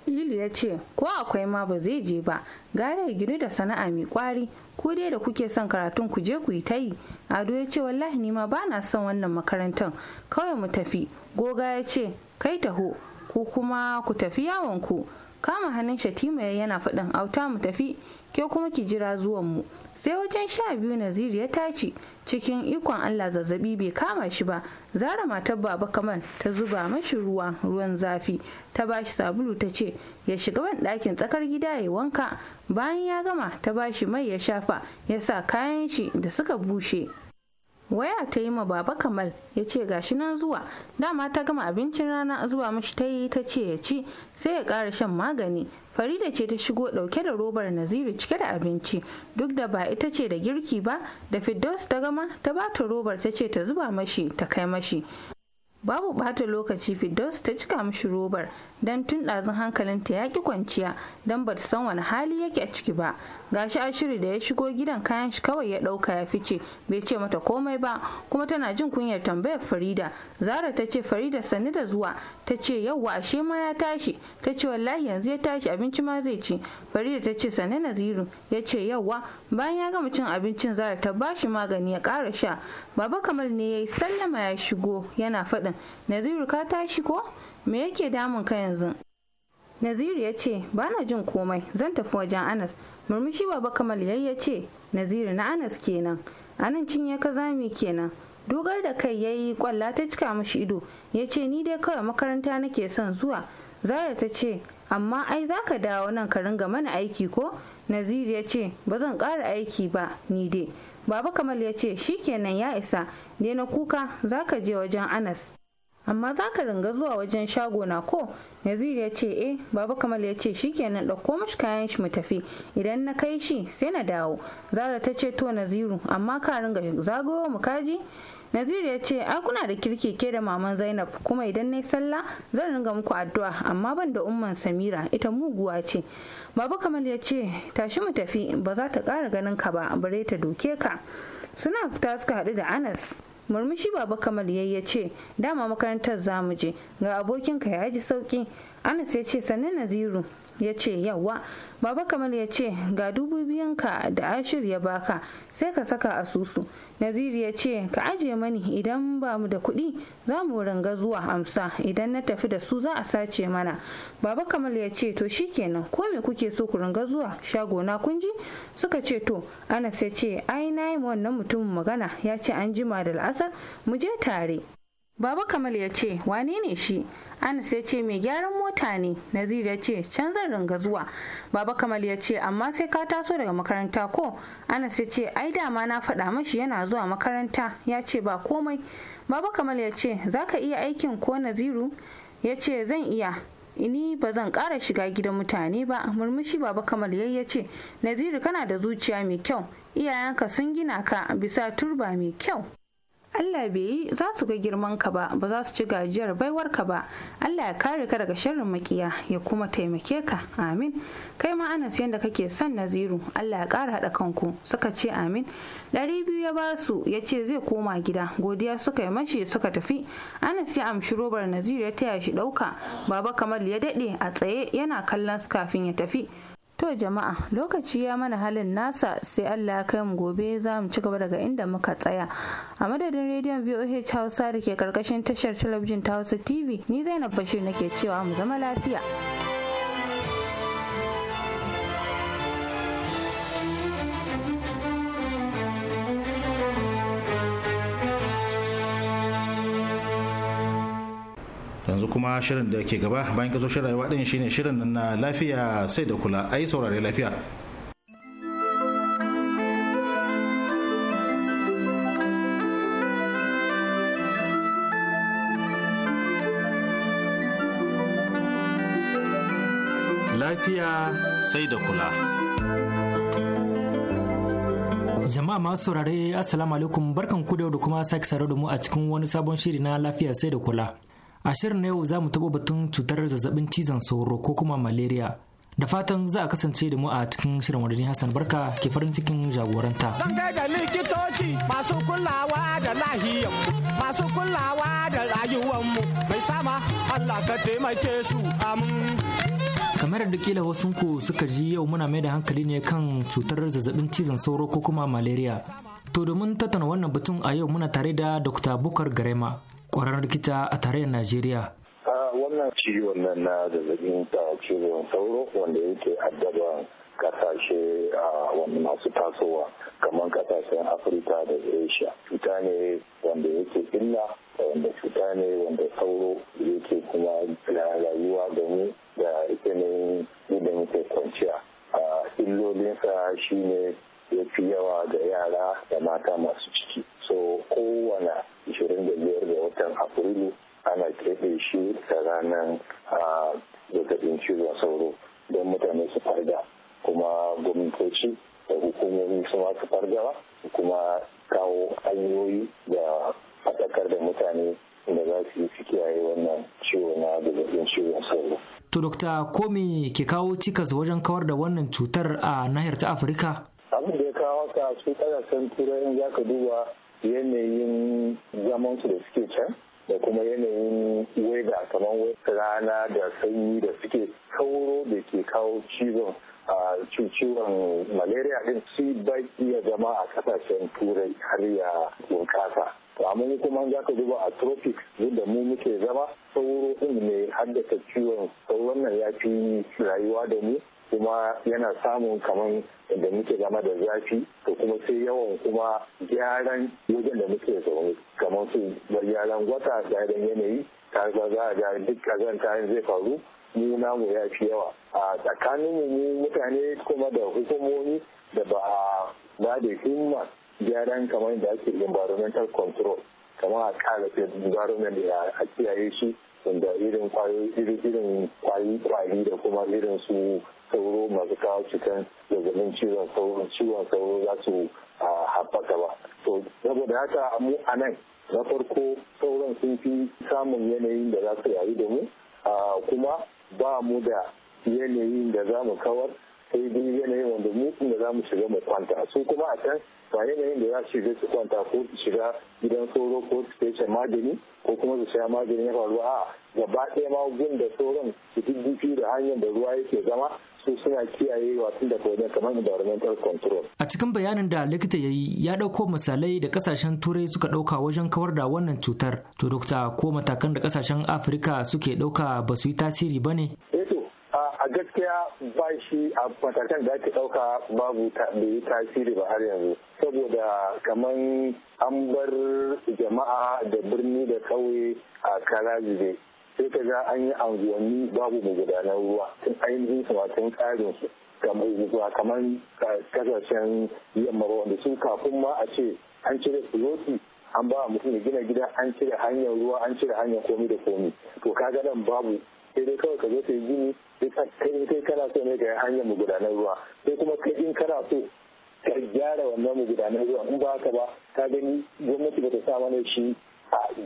ilu ya ce ko akwai ma ba zai je ba gara ya ginu da sana'a mai kwari ku dai da kuke son karatun ku je ku yi ta yi ado ya ce wallahi ni ma ba na son wannan makarantar kawai mu tafi goga ya ce kai taho ku kuma ku tafi yawon ku kama hannun shatima yana faɗin auta mu tafi ke kuma ki jira zuwan mu sai wajen sha biyu naziru ya tashi cikin ikon allah zazzabi bai kama shi ba zara matar baba kamal ta zuba mashi ruwa ruwan zafi ta bashi sabulu ta ce ya shiga ban ɗakin tsakar gida ya wanka bayan ya gama ta bashi mai ya shafa ya sa kayan shi da suka bushe waya ta yi ma baba kamal ya ce gashi nan zuwa dama ta gama abincin rana zuwa mashi ta yi ta ce ya ci sai ya ƙara shan magani farida ce ta shigo dauke da robar naziru cike da abinci duk da ba ita ce da girki ba da fidos ta gama ta bata robar ta ce ta zuba mashi ta kai mashi babu bata lokaci fidos ta cika mashi robar don tun ɗazun hankalinta ya ki kwanciya don ba ta san wani hali yake a ciki ba gashi ashiri da ya shigo gidan kayan shi kawai ya ɗauka ya fice bai ce mata komai ba kuma tana jin kunyar tambayar farida zara ta ce farida sanni da zuwa ta ce yauwa ashe ma ya tashi ta ce wallahi yanzu ya tashi abinci ma zai ci farida ta ce sanni naziru ya ce yauwa bayan ya gama cin abincin zara ta bashi magani ya kara sha baba kamal ne yayi sallama ya shigo yana faɗin naziru ka tashi ko me yake damun ka yanzu naziru ya ce ba jin komai zan tafi wajen anas murmushi baba kamal ya ce naziru na anas kenan anan cinye ka zami kenan dogar da kai yayi kwalla ta cika mashi ido ya ce ni dai kawai makaranta nake son zuwa zara ta ce amma ai za ka dawo nan ka ringa mana aiki ko naziru ya ce ba zan ƙara aiki ba ni dai baba kamal ya ce shi kenan ya isa ne na kuka za ka je wajen anas amma za ka ringa zuwa wajen shago na ko nazir ya ce eh baba kamal ya ce shikenan ɗauko mashi kayan shi mu tafi idan na kai shi sai na dawo zara ta ce to naziru amma ka ringa zagayo mu kaji Nazir ya ce ai kuna da kirki ke da maman Zainab kuma idan na yi sallah zan ringa muku addu'a amma ban da umman Samira ita muguwa ce. Baba Kamal ya ce tashi mu tafi ba za ta kara ganin ka ba bare ta doke ka. Suna fita suka haɗu da Anas murmushi baba kamal yayi ya ce dama makarantar zamu je ga abokinka ya ji sauki anas ya ce sannan naziru ya ce yawa baba kamal ya ce ga dubu biyanka da ashir ya baka sai ka saka asusu naziru ya ce ka ajiye mani idan ba mu da kuɗi za mu ranga zuwa amsa idan na tafi da su za a sace mana baba kamal ya ce to shikenan ko me kuke so ku ranga zuwa shago na kunji suka ce to anas sai ce ai na yi wannan mutumin magana ya ce an jima da la'asar mu je tare Baba Kamal ya ce, wane ne shi? Anas ya ce mai gyaran mota ne. Nazir ya ce, can zan ringa zuwa. Baba Kamal ya ce, amma sai ka taso daga makaranta ko? Anas ya ce, ai dama na faɗa mashi yana zuwa makaranta. Ya ce ba komai. Baba Kamal ya ce, za ka iya aikin ko Naziru? Ya ce, zan iya. Ini ba zan ƙara shiga gidan mutane ba. Murmushi Baba Kamal ya ce, Naziru kana da zuciya mai kyau. Iyayenka sun gina ka bisa turba mai kyau. Allah bai yi za su ga girman ka ba ba za su ci gajiyar baiwar ka ba Allah ya kare ka daga sharrin makiya ya kuma taimake ka amin kai ma anas yadda kake son naziru Allah ya kara haɗa kanku suka ce amin ɗari biyu ya basu ya ce zai koma gida godiya suka yi mashi suka tafi anas ya amshi robar naziru ya taya shi ɗauka baba kamal ya dade a tsaye yana kallon su kafin ya tafi To jama'a lokaci ya mana halin nasa sai Allah ya kai mu gobe za mu ci gaba daga inda muka tsaya. A madadin rediyon VOH Hausa da ke karkashin tashar talabijin ta Hausa TV ni Zainab Bashir nake cewa mu zama lafiya. kuma shirin da ke gaba bayan shirin rayuwa ɗin shine shirin na lafiya sai da kula ayi saurare lafiya lafiya sai da kula. Jama'a masu saurare Assalamu alaikum barkan ku da kuma sake saro da mu a cikin wani sabon shiri na lafiya sai da kula. a shirin yau za mu taɓa batun cutar zazzabin cizon sauro ko kuma malaria da fatan za a kasance da mu a cikin shirin wadani hassan barka ke farin cikin jagoranta zan kai da likitoci masu kulawa da lahiyar masu kulawa da mai sama allah ka taimake su amin kamar da kila wasunku suka ji yau muna mai da hankali ne kan cutar zazzabin cizon sauro ko kuma malaria to domin tattauna wannan batun a yau muna tare da dr bukar garema kwararar likita a tarayyar Najeriya. wannan ciwon nan na zazzabin ta cizon sauro wanda yake addaba kasashe a wani masu tasowa kamar kasashen afirka da asia cuta ne wanda yake illa wanda cuta ne wanda sauro yake kuma rayuwa da mu da yanayin inda muke kwanciya illolinsa shine ya fi yawa ga yara da mata masu ciki so kowane 25 ga watan afrilu ana keɓe shi ta ranar ah, zazzabin cizon sauro don mutane su farga kuma gwamnatoci da hukumomi su masu fargawa kuma kawo hanyoyi da fadakar da mutane da za su yi su kiyaye wannan ciwo na zazzabin cizon sauro. To, Dokta, ko ke kawo cikas wajen kawar da wannan cutar a nahiyar ta Afirka? Abin da ya kawo ka su ƙasashen turai in za ka duba yanayin zaman su da suke can da kuma yanayin weda kamar rana da sanyi da suke sauro da ke kawo cizon ciwon malaria din su baki iya zama a kasashen turai har ya bunkasa amma kuma za ka duba a tropics da mu muke zama sauro din ne haddasa ciwon sauron nan ya fi rayuwa da mu kuma yana samun kamar da muke zama da zafi to kuma sai yawan kuma gyaran wajen da muke zaune kamar su gyaran gwata gyaran yanayi ta za a ga duk kazanta zai faru mu namu ya fi yawa a tsakanin mu mutane kuma da hukumomi da ba a ba da himma gyaran kamar da ake environmental control kamar a kala ce environment da a kiyaye shi wanda irin kwayoyi irin kwayi-kwayi da kuma irin su sauro masu kawo cikin zazzabin cizon sauro ciwon sauro za su haɓaka ba to saboda haka mu a nan na farko sauran sun fi samun yanayin da za su rayu da mu kuma ba mu da yanayin da za mu kawar sai dai yanayin wanda mu da za mu shiga mu kwanta su kuma a can ba yanayin da za su shiga su kwanta ko su shiga gidan sauro ko su fece magani ko kuma su sha magani na faru a gaba ɗaya ma gun da sauran su duddufi da hanyar da ruwa yake zama su suna kiyaye wasan da kodin kamar environmental control. A cikin bayanin da likita ya yi ya ɗauko misalai da kasashen turai suka ɗauka wajen kawar da wannan cutar. To dokta ko matakan da kasashen Afirka suke ɗauka ba su yi tasiri ba ne? Eh a gaskiya ba shi a matakan da ake ɗauka babu bai tasiri ba har yanzu saboda kamar an bar jama'a da birni da ƙauye a karazibe sai ka ga an yi anguwanni babu magudanar ruwa tun ainihin su tun tsarin su zuwa kamar kasashen yamma wanda sun kafin ma a ce an cire filoti an ba mutum ya gina gida an cire hanyar ruwa an cire hanyar komi da komi to ka ga nan babu sai dai kawai ka zo ka yi gini kai kai kana so ne ga hanyar magudanar ruwa sai kuma kai in kana so ka gyara wannan magudanar ruwa in ba haka ba ka gani gwamnati bata sa mana shi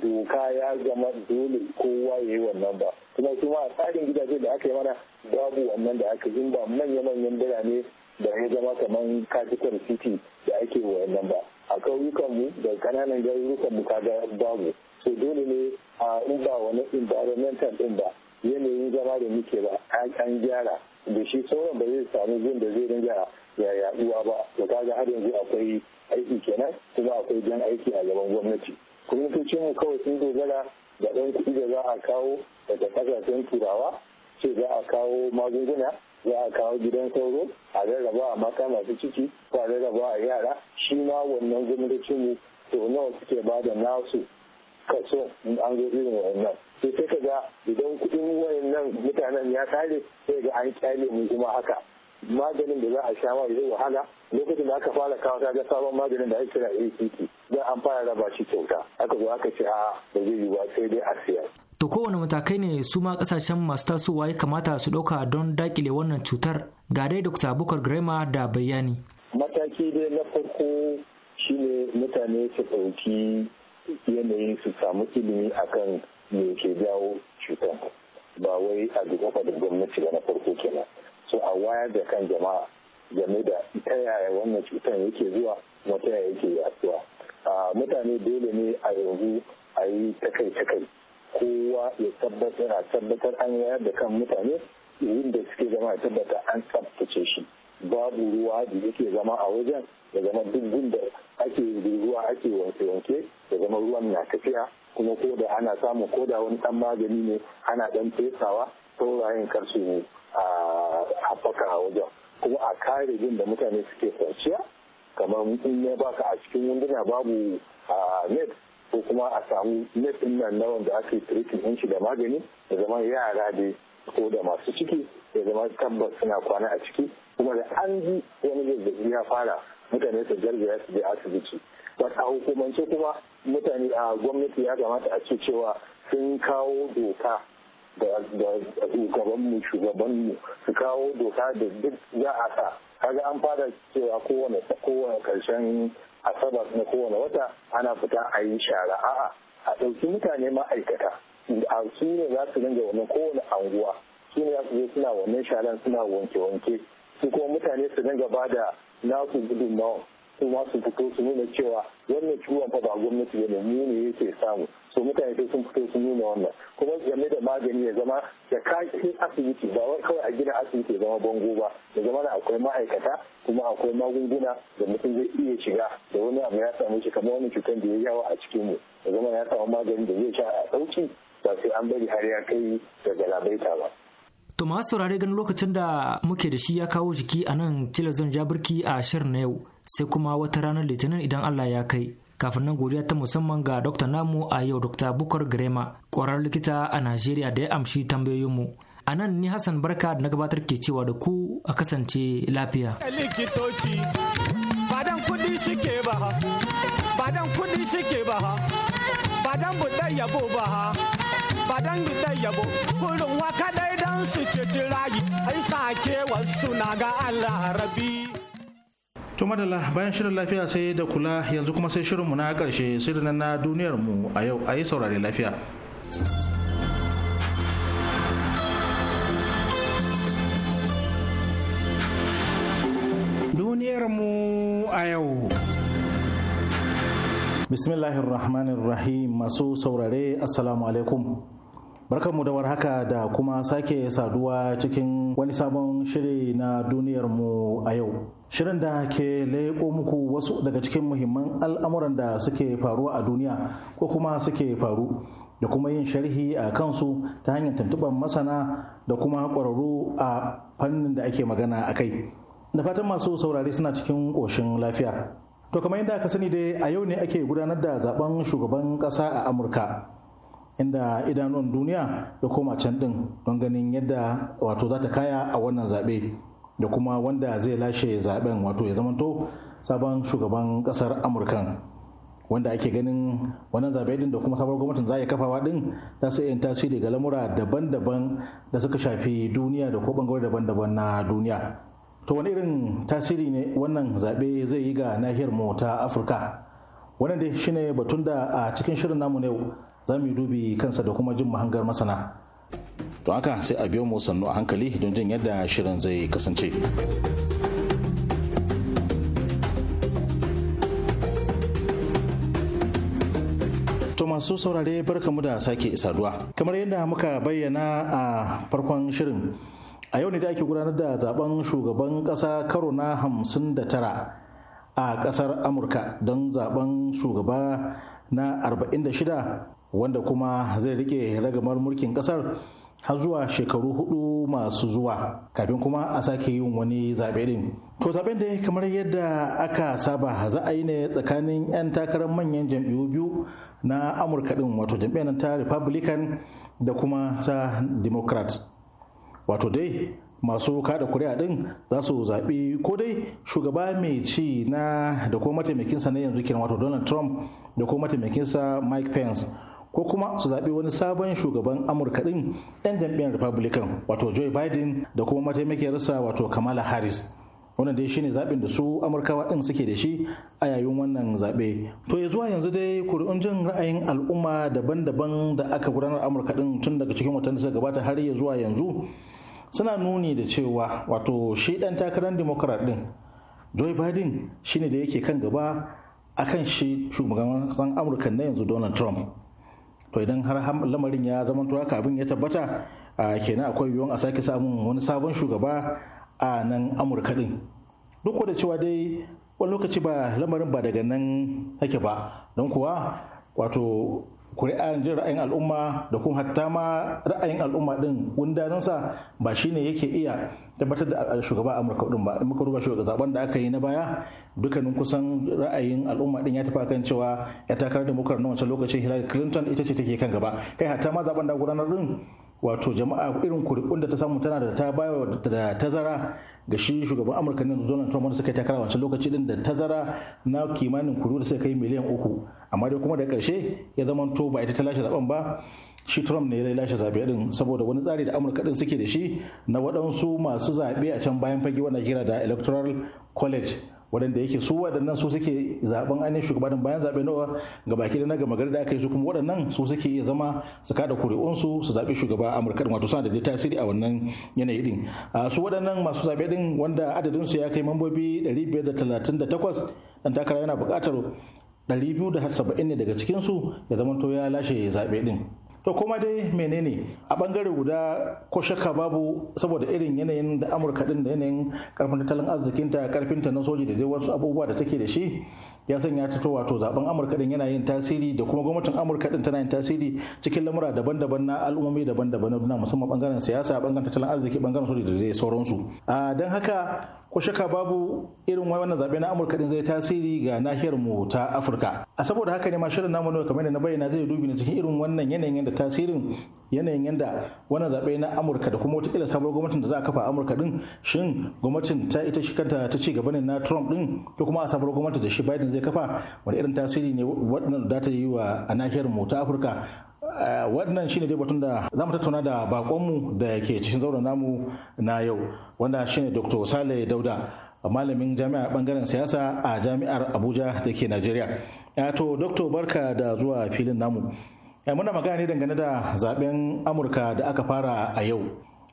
doka ya zama dole kowa ya yi wannan ba kuma kuma a tsarin gidaje da aka yi mana babu wannan da aka yi ba manya-manyan birane da ya zama kamar capital city da ake wannan ba a kauyukanmu da ƙananan garurukanmu kaga babu so dole ne a in ba wani environmental din ba yanayin zama da muke ba an gyara da shi sauran ba zai samu jin da zai dinga ya yaduwa ba to kaga har yanzu akwai aiki kenan kuma akwai jan aiki a gaban gwamnati gwamnatocinmu kawai sun dogara da ɗan kuɗi da za a kawo daga ƙasashen turawa ce za a kawo magunguna za a kawo gidan sauro a rarraba a mata masu ciki ko a rarraba a yara shi ma wannan mu to nawa suke ba da nasu kaso an zo irin wannan sai sai ka ga idan kuɗin wayannan mutanen ya kare sai ga an kyale mu kuma haka maganin da za a sha ma zai wahala lokacin da aka fara kawo ta ga sabon maganin da ake kira ACT za an fara raba shi kyauta aka zo aka ce a ba zai yi sai dai a siya. To kowane matakai ne su ma kasashen masu tasowa ya kamata su ɗauka don dakile wannan cutar ga dai Dr. Bukar Grema da bayani. Mataki dai na farko shine mutane su ɗauki yanayin su samu ilimi akan me ke jawo cutar ba wai a duk da gwamnati ba na farko kenan. so a wayar da kan jama'a game da ta yaya wannan cutar yake zuwa kuma ta yaya yake yaduwa mutane dole ne a yanzu a yi takai takai kowa ya tabbatar a tabbatar an yayar da kan mutane da suke zama a tabbata an tsabtace shi babu ruwa da yake zama a wajen ya zama duk gunda ake ruwa ake wanke-wanke ya zama ruwan na tafiya kuma ko da ana samun ko da wani ɗan magani ne ana ɗan fesawa saurayin kar ne haɓaka a wajen kuma a kare jin da mutane suke kwanciya kamar in ya baka a cikin wunduna babu a net ko kuma a samu net din nan na wanda ake yi tirikin inci da magani da zama yara da ko da masu ciki da zama tabbas suna kwana a ciki kuma da an ji wani zazzabi ya fara mutane su jargaya su je asibiti ba a hukumance kuma mutane a gwamnati ya kamata a ce cewa sun kawo doka da shugabanmu shugabanmu su kawo doka da duk za a sa kaga an fara cewa kowane kowane karshen asabar na kowane wata ana fita a yi shara a'a a ɗauki mutane ma'aikata a su ne za su dinga wannan kowane anguwa su ne za su je suna wannan sharan suna wanke-wanke su kuma mutane su dinga ba da nasu gudunmawa su ma su fito su nuna cewa wannan ciwon fa ba gwamnati ne mu ne yake samu so mutane sai sun fito sun nuna wannan kuma game da magani ya zama da kakin asibiti ba wai kawai a gina asibiti ya zama bango ba ya zama na akwai ma'aikata kuma akwai magunguna da mutum zai iya shiga da wani abu ya samu shi kamar wani cutar da ya yawa a cikin mu ya zama ya samu magani da zai sha a ɗauki ba sai an bari har ya kai da labaita ba. To masu saurare ganin lokacin da muke da shi ya kawo jiki a nan zan jabirki birki a shirin na yau sai kuma wata ranar litinin idan Allah ya kai kafin nan godiya ta musamman ga Dr. namu a yau Dr. Bukar Grema ƙwarar likita a Najeriya da ya amshi tambayoyinmu. A nan ni Hassan Barka da na gabatar ke cewa da ku a kasance lafiya. Likitoci, badan kuɗi yabo kurin waka su ceci ai sake wasu na ga Allah rabi. to madalla bayan shirin lafiya sai da kula yanzu kuma sai shirinmu na karshe shirin na duniyar a yau a yi saurare lafiya duniyar mu a yau bismillahirrahmanirrahim masu saurare assalamu alaikum Barkanmu da warhaka da kuma sake saduwa cikin wani sabon shiri na duniyar mu a yau. Shirin da ke leƙo muku wasu daga cikin muhimman al'amuran da suke faruwa a duniya ko kuma suke faru da kuma yin sharhi a kansu ta hanyar tuntuɓar masana da kuma ƙwararru a fannin da ake magana a kai. Da fatan masu saurare suna cikin ƙoshin lafiya. To kamar yadda aka sani dai a yau ne ake gudanar da zaben shugaban ƙasa a Amurka. inda idanuwan duniya ya koma can din don ganin yadda wato za ta kaya a wannan zaɓe da kuma wanda zai lashe zaɓen wato ya zamanto sabon shugaban ƙasar amurka wanda ake ganin wannan zaɓe din da kuma sabon gwamnatin za a kafawa din za su yin tasiri ga lamura daban-daban da suka shafi duniya da ko bangare daban-daban na duniya to wani irin tasiri ne wannan zaɓe zai yi ga nahiyar mu ta afirka wannan dai shine batun da a cikin shirin namu ne za mu dubi kansa da kuma jin mahangar masana to haka sai a biyo mu sannu a hankali don jin yadda shirin zai kasance To masu saurare barkamu da sake saduwa. Kamar yadda muka bayyana a farkon shirin a yau ne da ake gudanar da zaben shugaban kasa karo na hamsin da tara a kasar Amurka don zaben shugaba na 46 wanda kuma zai rike ragamar mulkin kasar har zuwa shekaru hudu masu zuwa kafin kuma a sake yin wani zaɓe din. To zaɓen da kamar yadda aka saba za a yi ne tsakanin 'yan takarar manyan jam'iyyu biyu na Amurka din wato jam'iyyar ta Republican da kuma ta Democrat. Wato dai masu kada kuri'a din za su zaɓi ko dai shugaba mai ci na da kuma mataimakinsa na yanzu kiran wato Donald Trump da kuma mataimakinsa Mike Pence. ko kuma su zaɓi wani sabon shugaban amurka ɗin 'yan jam'iyyar republican wato joe biden da kuma mataimakiyarsa wato kamala harris wannan dai shine zaɓin da su amurkawa ɗin suke da shi a yayin wannan zaɓe to ya zuwa yanzu dai kuri'un jin ra'ayin al'umma daban-daban da aka gudanar amurka ɗin tun daga cikin watan da suka gabata har ya zuwa yanzu suna nuni da cewa wato shi ɗan takarar democrat ɗin joe biden shine da yake kan gaba akan shi shugaban amurka na yanzu donald trump to idan har lamarin ya zama to haka abin ya tabbata a kenan akwai yiwuwan a sake samun wani sabon shugaba a nan amurka din duk da cewa dai wani lokaci ba lamarin ba daga nan take ba don kuwa wato kuri'an jin ra'ayin al'umma da kuma hatta ma ra'ayin al'umma din gundarinsa ba shi ne yake iya tabbatar da shugaba amurka din ba in muka ruba shugaba zaben da aka yi na baya dukkanin kusan ra'ayin al'umma din ya tafi akan cewa ya takarar da mukar na wancan lokacin hillary clinton ita ce take kan gaba kai hatta ma zaben da gudanar din wato jama'a irin kuri'un da ta samu tana da ta bayar da tazara ga shi shugaban amurka ne donald trump wanda suka yi takara wancan lokaci din da tazara na kimanin kuri'u da suka kai miliyan uku amma dai kuma da karshe ya zama to ba ita ta lashe zaben ba shi trump ne ya lashe zaɓe din saboda wani tsari da amurka din suke da shi na waɗansu masu zaɓe a can bayan fage wanda kira da electoral college waɗanda yake su waɗannan su suke zaben ainihin shugabanin bayan zaɓe nawa ga baki da na gama gari da aka yi su kuma waɗannan su suke iya zama su kada kuri'unsu su zaɓi shugaba amurka wato suna da dai tasiri a wannan yanayi din su waɗannan masu zaɓe din wanda adadin su ya kai mambobi 538 dan takara yana buƙatar 270 ne daga cikin su ya to ya lashe zaɓe din to kuma dai menene a bangare guda ko shakka babu saboda irin yanayin da amurka din da yanayin karfin tattalin arzikinta karfinta na soji da dai wasu abubuwa da take da shi ya sanya ta to wato zaben amurka din yana yin tasiri da kuma gwamnatin amurka din tana yin tasiri cikin lamura daban-daban na al'ummomi daban-daban na musamman bangaren siyasa bangaren tattalin arziki bangaren soji da dai sauransu don haka ko shaka babu irin wannan zaɓe na amurka din zai tasiri ga nahiyar mu ta afirka a saboda haka ne ma shirin namu ne kamar da na bayyana zai dubi ne cikin irin wannan yanayin yadda tasirin yanayin yadda wannan zaɓe na amurka da kuma wataƙila sabuwar gwamnatin da za a kafa a amurka din shin gwamnatin ta ita shi kanta ta ci gaba ne na trump din ko kuma a sabuwar gwamnatin da shi biden zai kafa wani irin tasiri ne wannan da ta yi wa a nahiyar mu ta afirka Eh, wannan shine dai batun da za mu tattauna da bakonmu da ke cikin zauren namu na yau wanda shine dr sale dauda malamin jami'ar bangaren siyasa a jami'ar abuja da ke najeriya eh, to dr barka da zuwa filin namu eh, muna magana ne dangane da zaben amurka da aka fara a yau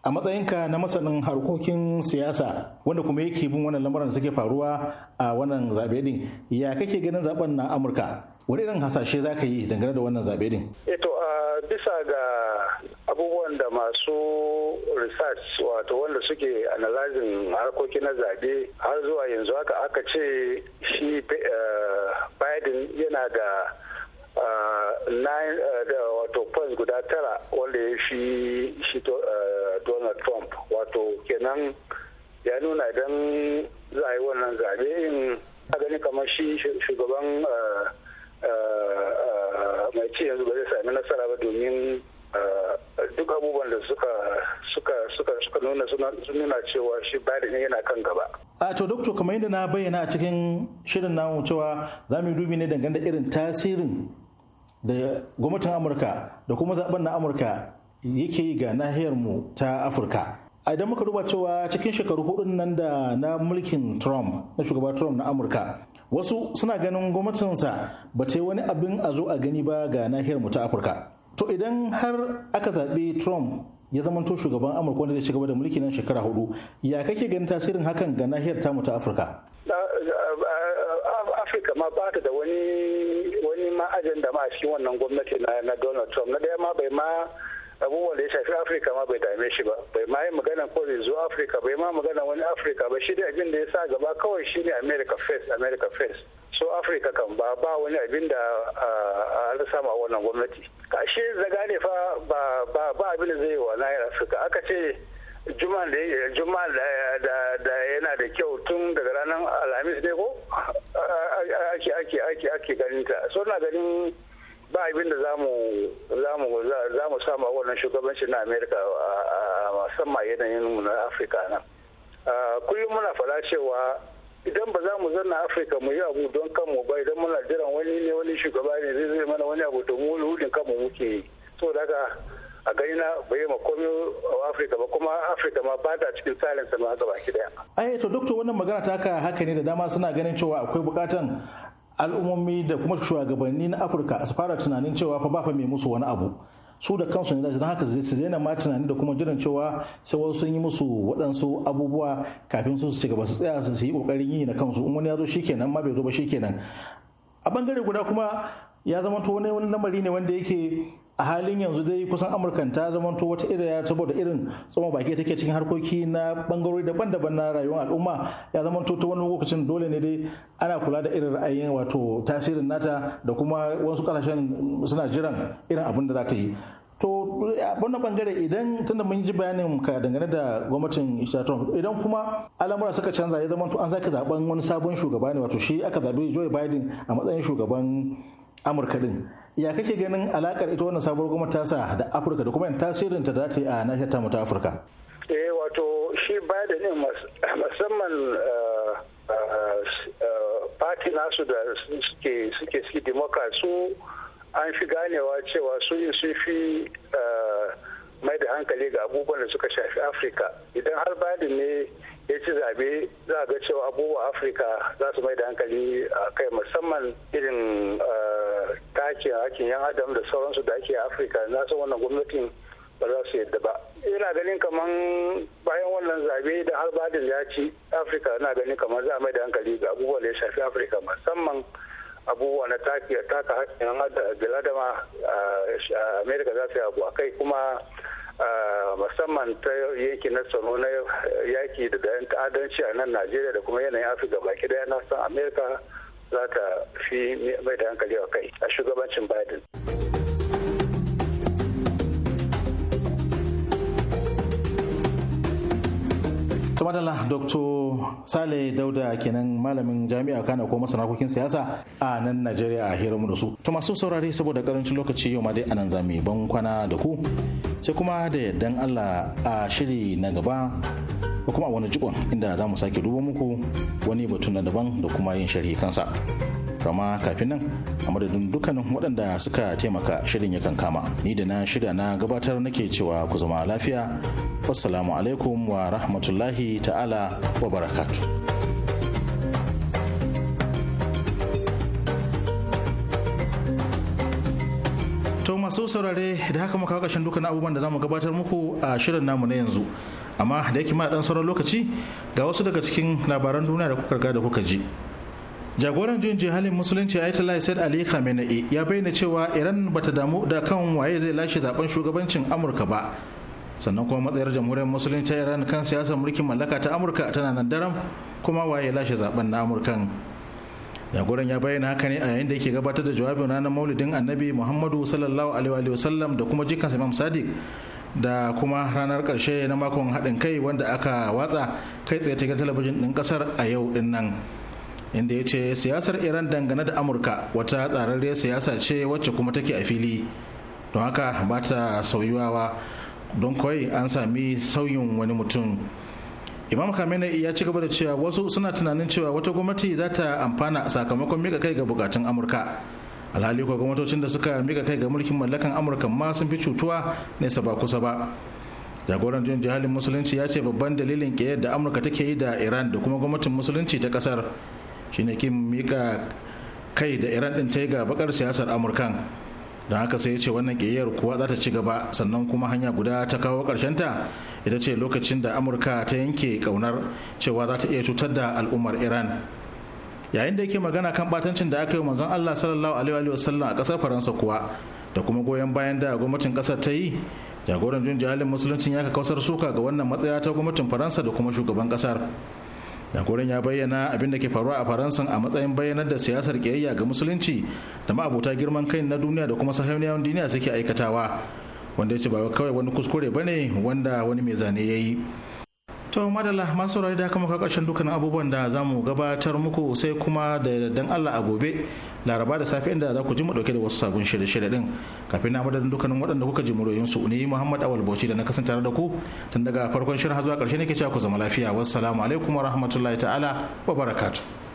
a matsayinka na masanin harkokin siyasa wanda kuma yake bin wannan lamuran da suke faruwa a wannan zaɓe din ya kake ganin zaben na amurka wani hasashe za ka yi dangane da wannan zaɓe din eto eh a bisa ga abubuwan da masu research wato wanda suke analyzing harkoki na zaɓe har zuwa yanzu haka aka ce shi eh, biden yana eh, da wato points guda tara wanda ya fi shi donald trump wato kenan ya nuna idan za a yi wannan zaɓe in a gani kamar shi shugaban uh, mai ci yanzu ba zai sami nasara ba domin eh, duk abubuwan da suka suka suka suka nuna nuna cewa shi Biden yana kan gaba. A to doktor kamar yadda na bayyana a cikin shirin namu cewa za mu dubi ne dangane da irin tasirin da gwamnatin Amurka da kuma zaben na Amurka yake yi ga nahiyar mu ta Afirka. A idan muka duba cewa cikin shekaru hudun nan da na mulkin Trump na shugaba Trump na Amurka wasu suna ganin gwamnatinsa ba ta yi wani abin a zo a gani ba ga nahiyar mu ta afirka to idan har aka zaɓi trump ya zamanto shugaban amurka wanda zai ci gaba da mulki nan shekara hudu ya kake ganin tasirin hakan ga nahiyar tamu ta afirka afirka ma ba ta da wani wani ma ma a cikin wannan gwamnati na donald trump na daya ma bai ma abubuwan da ya shafi afirka ma bai dame shi ba bai ma yi magana ko zo afirka bai ma magana wani afirka ba shi dai abin da ya sa gaba kawai shi ne america first america first so afirka kan ba ba wani abin da a sama wannan gwamnati kashe zaga ne fa ba ba abin da zai yi wa nahiyar afirka aka ce juma da yana da kyau tun daga ranar alhamis ne ko ake ake ake ake ganin ta so na ganin ba abin da za mu samu a wannan shugabancin na amerika a musamman yanayin mu na afirka nan kullum muna faɗa cewa idan ba za mu zanna afirka mu yi abu don kanmu ba idan muna jiran wani ne wani shugaba ne zai zai mana wani abu domin kan kanmu muke yi so daga a gani na bai ma komi a afirka ba kuma afirka ma ba ta cikin tsarin sama gaba ki daya ayyato to wannan magana ta haka haka ne da dama suna ganin cewa akwai bukatan al'ummomi da kuma shugabanni na afirka su fara tunanin cewa fa ba fa mai musu wani abu su da kansu ne don haka su daina ma tunani da kuma jiran cewa sai wasu sun yi musu waɗansu abubuwa kafin su su ci gaba su tsaya su yi ƙoƙarin yi na kansu in wani ya zo shikenan ma bai zo ba shikenan a bangare guda kuma ya zama to wani lamari ne wanda yake a halin yanzu dai kusan amurkan ta zamanto wata iriya saboda irin tsoma baki take cikin harkoki na bangarori daban-daban na rayuwar al'umma ya zamanto ta wani lokacin dole ne dai ana kula da irin ra'ayin wato tasirin nata da kuma wasu kasashen suna jiran irin abin da za ta yi to wannan bangare idan tunda mun ji bayanin ka dangane da gwamnatin Trump idan kuma al'amura suka canza ya zama an sake zaben wani sabon shugaba ne wato shi aka zabi Joe Biden a matsayin shugaban Amurka din ya kake ganin alakar ita wannan sabuwar gwamnati sa da afirka da kuma yin tasirinta ta yi a nahiyar tamu ta afirka eh wato shi da ne musamman eh, eh, eh, party nasu da suke suke suke democrat su an fi ganewa cewa su sun fi mai da hankali ga abubuwan da suka shafi afirka idan har biden ne ya ci zabe za a ga cewa abubuwa afirka za su mai da hankali a kai musamman irin takin hakin yan adam da sauransu da ake afirka na san wannan gwamnatin ba za su yadda ba ina ganin kaman bayan wannan zabe da har badin ya ci afirka na ganin kamar za a mai da hankali ga abubuwa da ya shafi afirka musamman abubuwa na taka hakkin adam a amerika za su yi abu a kai kuma musamman ta yanki na tsaro na yaki da dayan ta'adanci a nan najeriya da kuma yanayin afirka baki daya na san amerika za ta fi mai da hankali a kai a shugabancin biden tumadala dr sale dauda kenan malamin jami'a kana ko masana kokin siyasa a nan najeriya a mu da su to masu saurare saboda karancin lokaci yau ma dai anan zami ban kwana da ku sai kuma da yardan Allah a shiri na gaba ko kuma wani jikon inda za mu sake duba muku wani batu na daban da kuma yin sharhi kansa kama kafin nan a madadin dukkanin waɗanda suka taimaka shirin yakan kama ni da na shirya na gabatar nake cewa ku zama lafiya wassalamu alaikum wa rahmatullahi ta'ala wa barakatu. masu saurare da haka muka kashin dukkan abubuwan da zamu gabatar muku a shirin namu na yanzu amma da yake ma dan sauran lokaci ga wasu daga cikin labaran duniya da kuka ga da kuka ji jagoran jin jihalin musulunci ayatollah said ali khamenei ya bayyana cewa iran bata damu da kan waye zai lashe zaben shugabancin amurka ba sannan kuma matsayar jamhuriyar musulunci iran kan siyasar mulkin mallaka ta amurka tana nan daram kuma waye lashe zaben na amurkan jagoran ya bayyana haka ne a yayin da yake gabatar da jawabin ranar maulidin annabi muhammadu sallallahu alaihi wa sallam da kuma jikansa imam sadiq da kuma ranar karshe na makon haɗin kai wanda aka watsa kai tsaye cikin talabijin ɗin ƙasar a yau ɗin nan inda ya ce siyasar iran dangane da amurka wata tsararriyar siyasa ce wacce kuma take a fili don haka ba ta sauyuwa don kawai an sami sauyin wani mutum imam khamenei ya ci gaba da cewa wasu suna tunanin cewa wata gwamnati za ta amfana sakamakon mika kai ga bukatun amurka alhali ko gwamnatocin da suka mika kai ga mulkin mallakan amurka ma sun fi cutuwa nesa ba kusa ba jagoran jin jihalin musulunci ya ce babban dalilin ke yadda amurka take yi da iran da kuma gwamnatin musulunci ta kasar shine kin mika kai da iran ɗin ta yi ga bakar siyasar amurkan don haka sai ya ce wannan ƙiyayyar kuwa za ta ci gaba sannan kuma hanya guda ta kawo karshen ta ita ce lokacin da amurka ta yanke ƙaunar cewa za ta iya cutar da al'ummar iran yayin da yake magana kan batancin da aka yi manzon allah sallallahu alaihi wasallam a kasar faransa kuwa da kuma goyon bayan da gwamnatin ƙasar ta yi jagoran jun jihalin musuluncin ya ka kausar suka ga wannan matsaya ta gwamnatin faransa da kuma shugaban ƙasar jagoran ya bayyana abin da ke faruwa a faransa a matsayin bayyanar da siyasar kiyayya ga musulunci da ma'abota girman kai na duniya da kuma sahiyoniyawan duniya suke aikatawa wanda ya ce ba kawai wani kuskure ba ne wanda wani mai zane ya yi to madalla masu saurari da kuma karshen dukkan abubuwan da za mu gabatar muku sai kuma da dan Allah a gobe laraba da safe inda za ku ji mu dauke da wasu sabon shirye-shirye din kafin na madadin dukkanin waɗanda kuka ji muroyin su ne Muhammad Awal Bauchi da na kasance tare da ku tun daga farkon shirin har zuwa ƙarshe nake cewa ku zama lafiya wassalamu alaikum wa ta'ala wa barakatuh